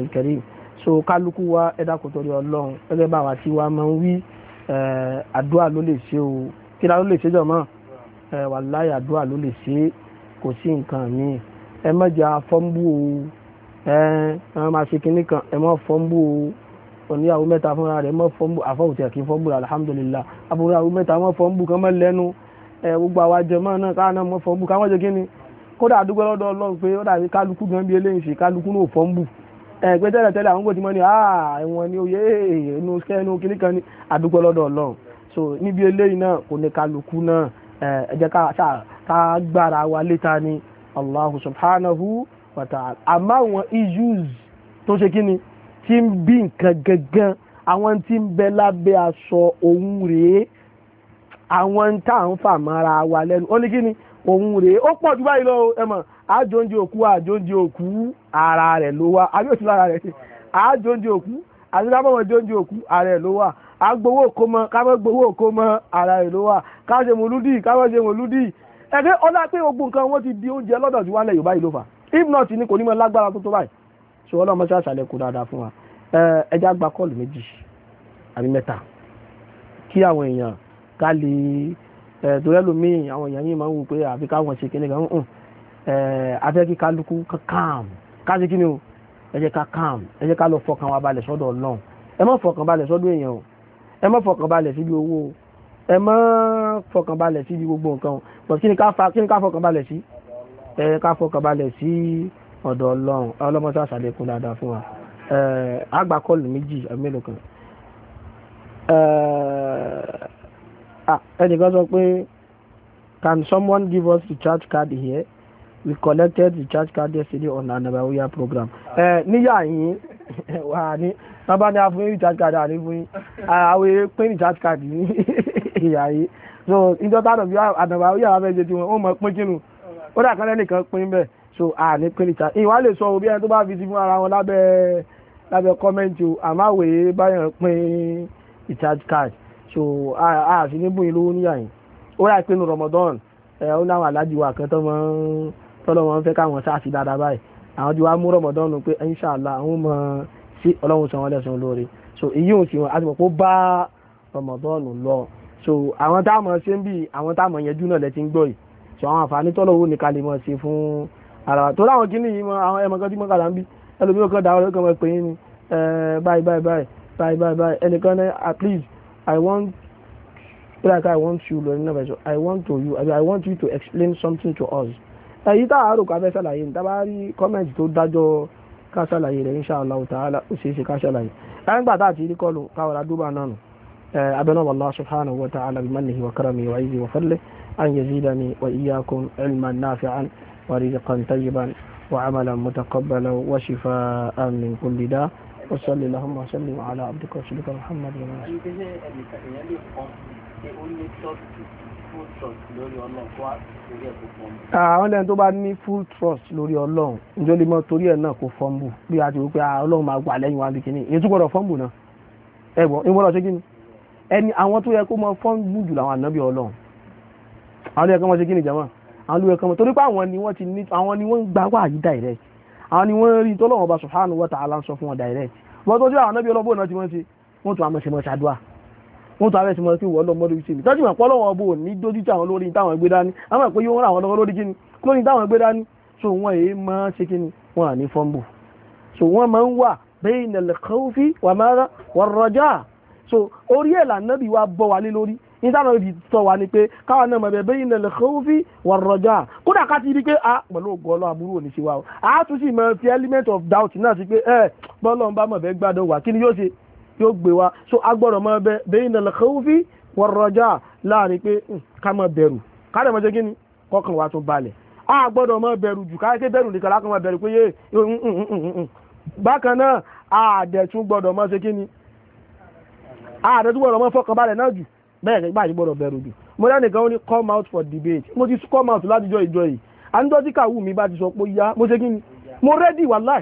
so kálukú wa ẹ̀dá kò torí ọlọ́run bá wa tí wa máa ń wí àdúrà ló lè ṣe o kí ló lè ṣe jọ̀mọ́ wàláhì àdúrà ló lè ṣe kò sí nǹkan míì ẹ má jẹ́ afọ́nbù o ẹ máa ṣe kinní kan ẹ má fọ́nbù o oníyàwó mẹ́ta fúnra rẹ̀ mọ́ fọ́nbù àfọ́wùtẹ̀ kí fọ́nbù alhamdulillah àbúrò àwọn mẹ́ta mọ́ fọ́nbù kan mọ́ lẹ́nu ẹ gbogbo àwọn àjẹmọ́ náà káwọn náà mọ́ fọ́nbù káwọn jẹ́ kíni kódà àdúgbò lọ́dọ̀ ọlọ́run pé ó dàbí kálukú gan bí eléyìí ṣe kálukú náà fọ́nbù ẹ pé tẹ́lẹ̀ tẹ́lẹ̀ àwọn kò mọ́ ni ẹ̀wọ̀n ni oyè inú kẹ́nu kíní kan ní àdúgbò lọ́dọ̀ ọlọ́run so níbi eléyìí náà kò ní kálukú náà ẹ jẹ́ ká gbára wa létà ni Allahu subhanahu wa ta'ala àmọ́ àwọn issues tó ṣe kíni tí ń bí nǹkan gangan àwọn ń tà ń fà mọ́ra wa lẹ́nu ó ní kí ni òun rèé ó pọ̀ jù báyìí lọ ẹ mọ̀ àjòǹjẹ òkú àjòǹjẹ òkú ara rẹ̀ ló wà àbí òtún ara rẹ̀ ṣe àjòǹjẹ òkú àti lábọ̀mọ̀ jòǹjẹ òkú ara rẹ̀ ló wà agbowó òkó mọ kámọ́ gbowó òkó mọ ara rẹ̀ ló wà káṣe mòlúdì kámọ́ ṣe mòlúdì ẹgbẹ́ ọlá pé gbogbo nǹkan wọn ti di oúnjẹ lọ́dọ̀ tí wálẹ̀ Yorùbá yìí ló fà if not ni kò ní mọ lágbára tó tó báyìí ṣé ọlọ́mọ ṣe àṣàlẹ̀ kó dáadáa fún ká lè torí ẹlòmíì àwọn èèyàn yìí máa ń wò pé àfi káwọn ṣe kíní kan hàn afẹ́ kí kálukú calm ká ṣe kíní o ẹ jẹ́ ká calm ẹ jẹ́ ká lọ fọkàn wa balẹ̀ sọ́dọ̀ ọlọ́run ẹ má fọkàn balẹ̀ sọ́dọ̀ èèyàn o ẹ má fọkàn balẹ̀ síbi owó o ẹ má fọkàn balẹ̀ síbi gbogbo nǹkan o but kí ni ká fọkàn balẹ̀ sí ẹ ká fọkàn balẹ̀ sí ọ̀dọ̀ ọlọ́run ọlọ́mọṣẹ́ àṣàlẹ̀kùn dáadáa fún wa àgbà kọlù Ah, ẹnìkan sọ pé can someone give us the charge card here we collected the charge card yesterday on our nabawiya program. ẹ níyà yín wà ní sábà ní àfún recharge card àní fún yín àwọn èrè pín recharge card ní ìyá yìí so ìjọ tánà bí àdàbàwíyà wà fẹ́ẹ́ ṣe tiwọn ó mọ pín kínú ó dà kánlẹ́ nìkan pín bẹ́ẹ̀ so àní pín recharge ìwà lè sọ òbí ẹni tó bá fi ti fún ara wọn lábẹ́ lábẹ́ kọ́mẹ́ǹtì o àmàwé báyọ̀ pín charge card so àfi ní bóyin lówó níyà yìí ó rà pé ní Ramadan ẹ ó láwọn aláàjì wa kan tọ́mọ tọ́lọ́ wọn fẹ́ káwọn sáà sí dáadáa báyìí àwọn ti wá mú Ramadan pé inshàlá àwọn mọ sí ọlọ́run sọ wọn lẹ́sùn lórí so èyí ò sì wọn àti mọ̀ pé ó bá Ramadan lọ so àwọn táwọn ṣe ń bì àwọn táwọn yẹn dúnà lẹ́tí ń gbọ́ yìí so àwọn àǹfààní tọ́lọ̀ wo nìkan lè mọ̀ sí fún ara wa tó láwọn kìíní yìí mọ àwọn ẹmọ kan tí ní at least I want like I want you lórí náà bẹ̀rẹ̀ I want to you I want you to explain something to us. Èyí tá àárò ká fẹ́ ṣàlàyé ní tábà rí kọ́mẹ̀ntì tó dájọ́ ká ṣàlàyé rẹ̀ insha Allah ta'ala ó ṣeé ṣe ká ṣàlàyé. Ẹ̀ńgbà tá àti ìríkọlù káwọn adúbà náà nù. أبنى الله سبحانه وتعالى بمنه وكرمه وعزه وفضله أن يزيدني وإياكم علما نافعا ورزقا طيبا وعملا متقبلا وشفاء من كل داء وصلي اللهم وسلم على عبدك ورسولك محمد وعلى àwọn ẹni tó bá ní full trust lórí ọlọ́run níjọ́ lè mọ́ torí ẹ̀ náà kò fọ́nbù bí a ti wípé ah, ọlọ́run máa gbà lẹ́yìn wa ní kìíní èyí tó gbọ́dọ̀ fọ́nbù náà ẹ̀gbọ́n ìwọ́n ṣe kíni ẹni àwọn tó yẹ kó mọ fọ́nbù jù làwọn ànábì ọlọ́run àwọn tó yẹ kó mọ ṣe kíni jàmọ́ àwọn tó yẹ kó torí pé àwọn ni wọ́n ti ní àwọn ni wọ́n ń gbà wáyé direct àwọn ni wọ́n rí tọ́lọ́wọ́n bá subhanahu wa ta'ala ń sọ fún wọn direct wọ́n tó jẹ́ àwọn anábì ọlọ́bọ̀ náà ti wọ́n ti wọ́n tún àmọ́ṣe mọ́ṣe àdúrà wọ́n tún àwẹ̀ṣe mọ́ṣe wọ́n lọ mọ́dọ̀ sí mi tọ́jú mọ̀ pọ́lọ́wọ́n so orí ẹ̀ lànà bí wàá bọ́ wa lé lórí nítàlọ́ ibi tọ́ wa ni pé káwa náà mọ̀bẹ̀ bẹ́yìn náà lẹ́kọ́ọ́fì wà rọjà kódà ká ti rí pé a ah, pẹ̀lú ògùn ọlọ́ àbúrò ní ṣe wa o a tún sì mọ ti element of doubt náà sí pé ẹ bọ́lọ̀ ń bá mọ̀bẹ̀ gbádùn wà kí ni yóò ṣe yóò gbé wa so a gbọ́dọ̀ mọ bẹ bẹ́yìn náà lẹ́kọ́ọ́fì wà rọjà láàrin pé hmm, ká má bẹ̀rù ká dẹ̀ mọ̀ ṣe kí ni kọ́kàn wa tún balẹ̀ a gbọ́dọ̀ mọ bẹ̀rù jù káyé bẹ̀rù nìkan lákàn mọ bẹ̀rù pé yé hmm, hmm, bákan náà àdẹ̀tún gbọ́dọ̀ mọ bẹ́ẹ̀ ni báyìí gbọ́dọ̀ bẹ̀rù jù mo lẹ́nìkan ó ní come out for debate mo ti come out látijọ́ ìjọ yìí àníjọ́ tí kàwù mi bá ti sọ pé yá mo ṣe kí ni mo rẹ́dì wàláì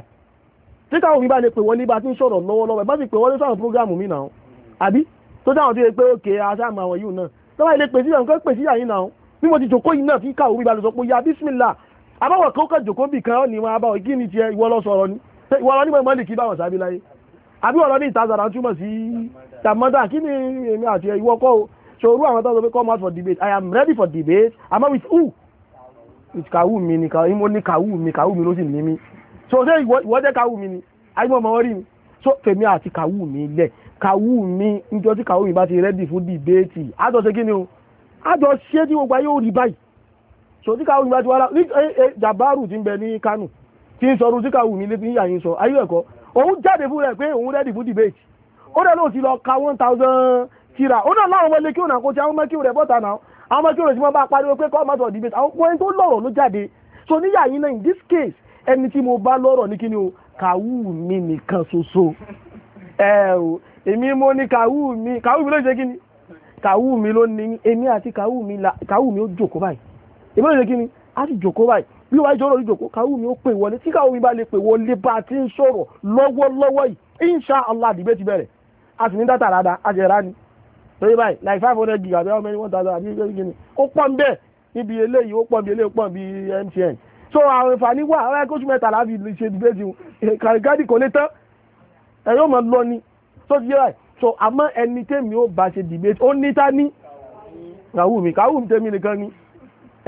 tí kàwù mi bá lè pè wọlé bá ti ń sọ̀rọ̀ lọ́wọ́lọ́wọ́ bá sì pè wọlé sọ̀rọ̀ program mi náà àbí tó dáhùn tó yẹ pé òkè aṣáàmù àwọn yìí náà lọ́wọ́ ilé pèsè àwọn kan pèsè àyín náà bí mo ti jòkó yìí náà tí kàwù mi bá lè sọ pé yá bísímìlà àbí ọ̀rọ̀ ní ìtazàrà ń túmọ̀ sí tàmọ́dà kí ni èmi àti ìwọ kọ́ o ṣòro àwọn tó sọ pé come out for debate i am ready for debate àmọ́ with who with kàwù mi ni kàwù mi ní kàwù mi kàwù mi ló sì ní mi so ṣé ìwọ jẹ́ kàwù mi ni àyíkọ́ ọmọ wọn so fèmi àti kàwù mi lẹ̀ kàwù mi níjọ́ tí kàwù mi bá ti ready fún debate àjọ ṣe kí ni o àjọ ṣé tí gbogbo ayé ò so tí kàwù mi bá ti wá rà ní jàbáàrù ti ń bẹ ní Kánò tí ń sọ ọdún tí kàwù mi lé fi ń yà yín sọ ayé ẹ̀kọ́ òun jáde fún rẹ̀ pé òun rẹ́dì fún debate ó dẹ̀ lóò ti lọ ka one thousand tira ó dẹ̀ láwọn ọmọ ilé kí òun àkóso àwọn ọmọ kí òun rẹ̀ bọ́ta náà àwọn ọmọ kí òun rẹ̀ ti máa bá pariwo pé kọ́ mọ́tò debate àwọn ọmọ tó ló jáde so níyà yín náà in this case ẹni tí mo bá lọ́rọ̀ ní kíni o kàwú mi nìkan ṣoṣo ẹ o èmi mo ní kàwú mi kàwú mi ló ṣe kíni kàwú mi ló ní èmi àti kàwú mi ó jòkó báyìí èmi ló bí wàá jọrọ ìjòkó káwùmí ó pè wọlé tí káwùmí bá lè pè wọlé bá a ti ń sọ̀rọ̀ lọ́wọ́lọ́wọ́ yìí insha allah dìbẹ́ ti bẹ̀rẹ̀ a sì ní dátà rada a jẹ̀ rani torí báyìí like five hundred gig àbí how many one thousand àbí ẹgbẹ́ gini ó pọ̀ ń bẹ́ẹ̀ níbi eléyìí ó pọ̀ ń bí eléyìí ó pọ̀ ń bí MTN so àwọn ìfàní wà àwọn ẹgbẹ́ oṣù mẹ́ta láàbì ṣe dìbẹ́tì kàrígádì kò lè tán ẹ yóò máa lọ ni so ti yẹ báyìí so àmọ́ ẹni tèmi ó bá ṣe dìbẹ́tì ó ní ta ní kàwùmí kàwùmí tèmi nìkan ni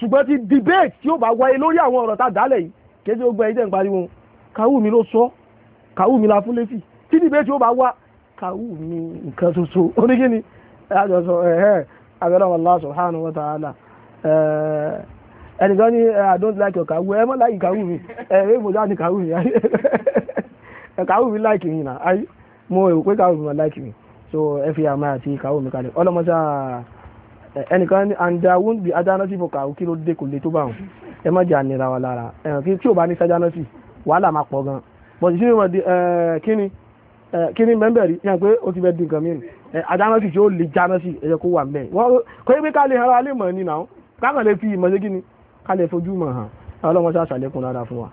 ṣùgbọ́n ti debate tí ó bá wáyé lórí àwọn ọ̀rọ̀ tá a dálẹ̀ yìí kéde ogun ẹ̀yìn tẹ̀ ń mi la fún lẹ́sì tí debate tí ó bá wá nǹkan ẹ̀hẹ́ ẹnìkan I don't like your Kawumi ẹ mọ́ láyì Kawumi ẹ̀ ẹ̀ mo dá mi like mi so ẹ fi àmà ẹnìkan ní anda there won't be adanasi for kàwé kí ló dé kò lè tó bá wọn ẹ má jẹ ànira wa lára ẹ̀hàn kí tí ò bá ní sajanasi wàhálà máa pọ̀ gan bọ̀dì sí ìwọ̀n kíni kíni mẹ́mbẹ̀ rí yàn pé ó ti bẹ́ẹ̀ di nǹkan mìíràn adanasi tí ó lè janasi ẹ̀yẹ kó wà mẹ́ wọ́n kò yẹ pé ká lè hara lè mọ̀ ní náà kákan lè fi ìmọ̀ sí kíni ká lè fojú mọ̀ hàn ọlọ́mọ sá sàlékún rárá fún wa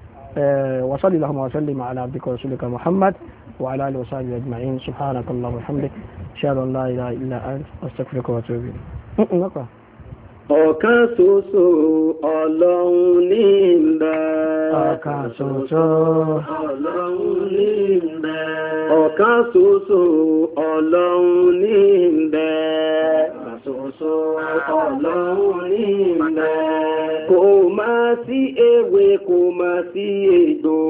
wasalli lahumma wasalli ma ala abdika rasulika muhammad wa ala alihi wa sahbihi ajma'in subhanaka allahumma wa hamdik ashhadu an la ilaha illa anta astaghfiruka wa atubu ilayk Ọ̀kan soso ọlọ́run ní ìbẹ̀. ọlọ́run ní ìbẹ̀. Ọ̀kan ṣoṣo ọlọ́run ní ìbẹ̀. Ọ̀kan ṣoṣo ọlọ́run ní ìbẹ̀. Kò máa sí ewé kò máa sí egbò.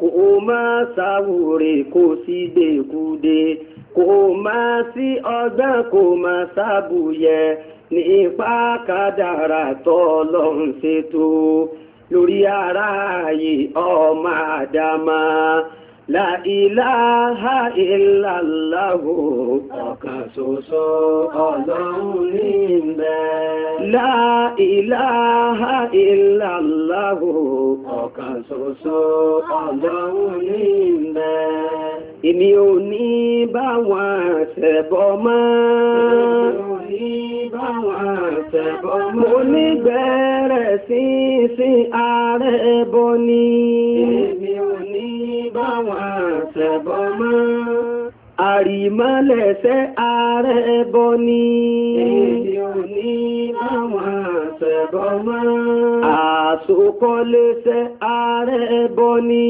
Kò máa sáwòrè ní ipa kádàrà tọ́lọ́run ṣètò lórí ara ayé ọmọ àdámá. La ilaha illallah ọ̀kan ṣoṣo ọlọ́run ní ìbẹ̀. La ilaha illallah ọ̀kan ṣoṣo ọlọ́run ní ìbẹ̀. Èmi ò ní bá wọn ṣẹbọ mọ́. mọ́. Mo ní bẹ̀rẹ̀ sí sí ààrẹ bọ́ ni. Èmi ò ní bá wọn àtẹ̀bọ̀ mọ́. Àrìmọ́lẹ̀ṣẹ́ ààrẹ ẹbọ ni. Èdè òní àwọn àṣẹ̀bọ̀ mọ́. Àṣòkọ́lẹ́ṣẹ́ ààrẹ ẹbọ ni.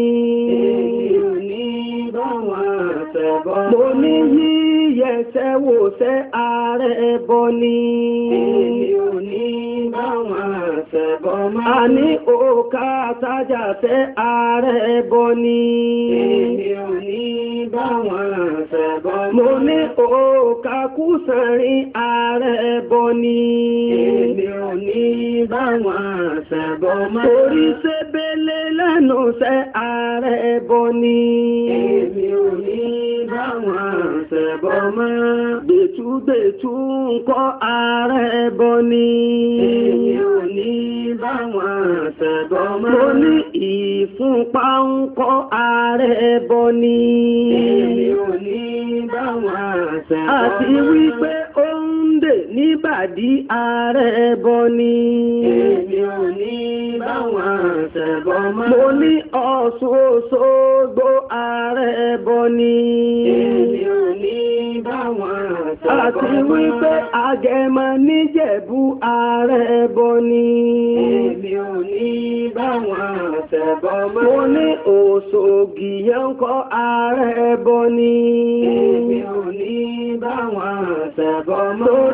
Èdè òní báwọn àṣẹ̀bọ̀ mọ́. Mo ní yí yẹsẹ̀ wò sẹ́ ààrẹ ẹbọ ni. Èmi ò ní bá wọn àṣẹbọ máa. A ní òkà àtajà sẹ́ ààrẹ ẹbọ ni. Èmi Mo ní òkà kùsànrin ààrẹ ẹbọ ni. Èmi ò lẹ́nu sẹ́ ààrẹ ẹbọ ni ráwọn àṣẹ̀bọ̀ mọ́. Dètúdètú ń kọ́ ààrẹ bọ ni. Èmi ò ní báwọn àṣẹ̀bọ̀ mọ́. Mo ní ìfúnpá ń kọ́ ààrẹ bọ ni. Èmi ò ní báwọn àṣẹ̀bọ̀ mọ́. Àti wípé ó ń dè níbàdí ààrẹ bọ ni. èmi ò ní báwọn àtẹ̀bọ mọ́. mo ní Ọ̀ṣun Òṣogbo ààrẹ bọ ni. èmi ò ní báwọn àtẹ̀bọ mọ́. àti wípé Àgẹ̀mọ níjẹ̀bú ààrẹ bọ ni. èmi ò ní báwọn àtẹ̀bọ mọ́. mo ní Òṣogì yẹn kọ́ ààrẹ bọ ni. èmi ò ní báwọn àtẹ̀bọ mọ́.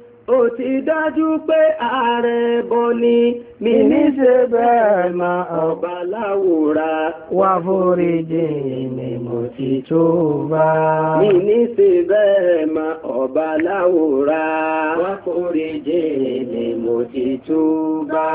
ó ti dájú pé ààrẹ bọ́ ni mi ní ṣe bẹ́ẹ̀ ma ọba láwòrá wá foríjì ni mo ti tó bá. mi ní ṣe bẹ́ẹ̀ ma ọba láwòrá wá foríjì ni mo ti tó bá.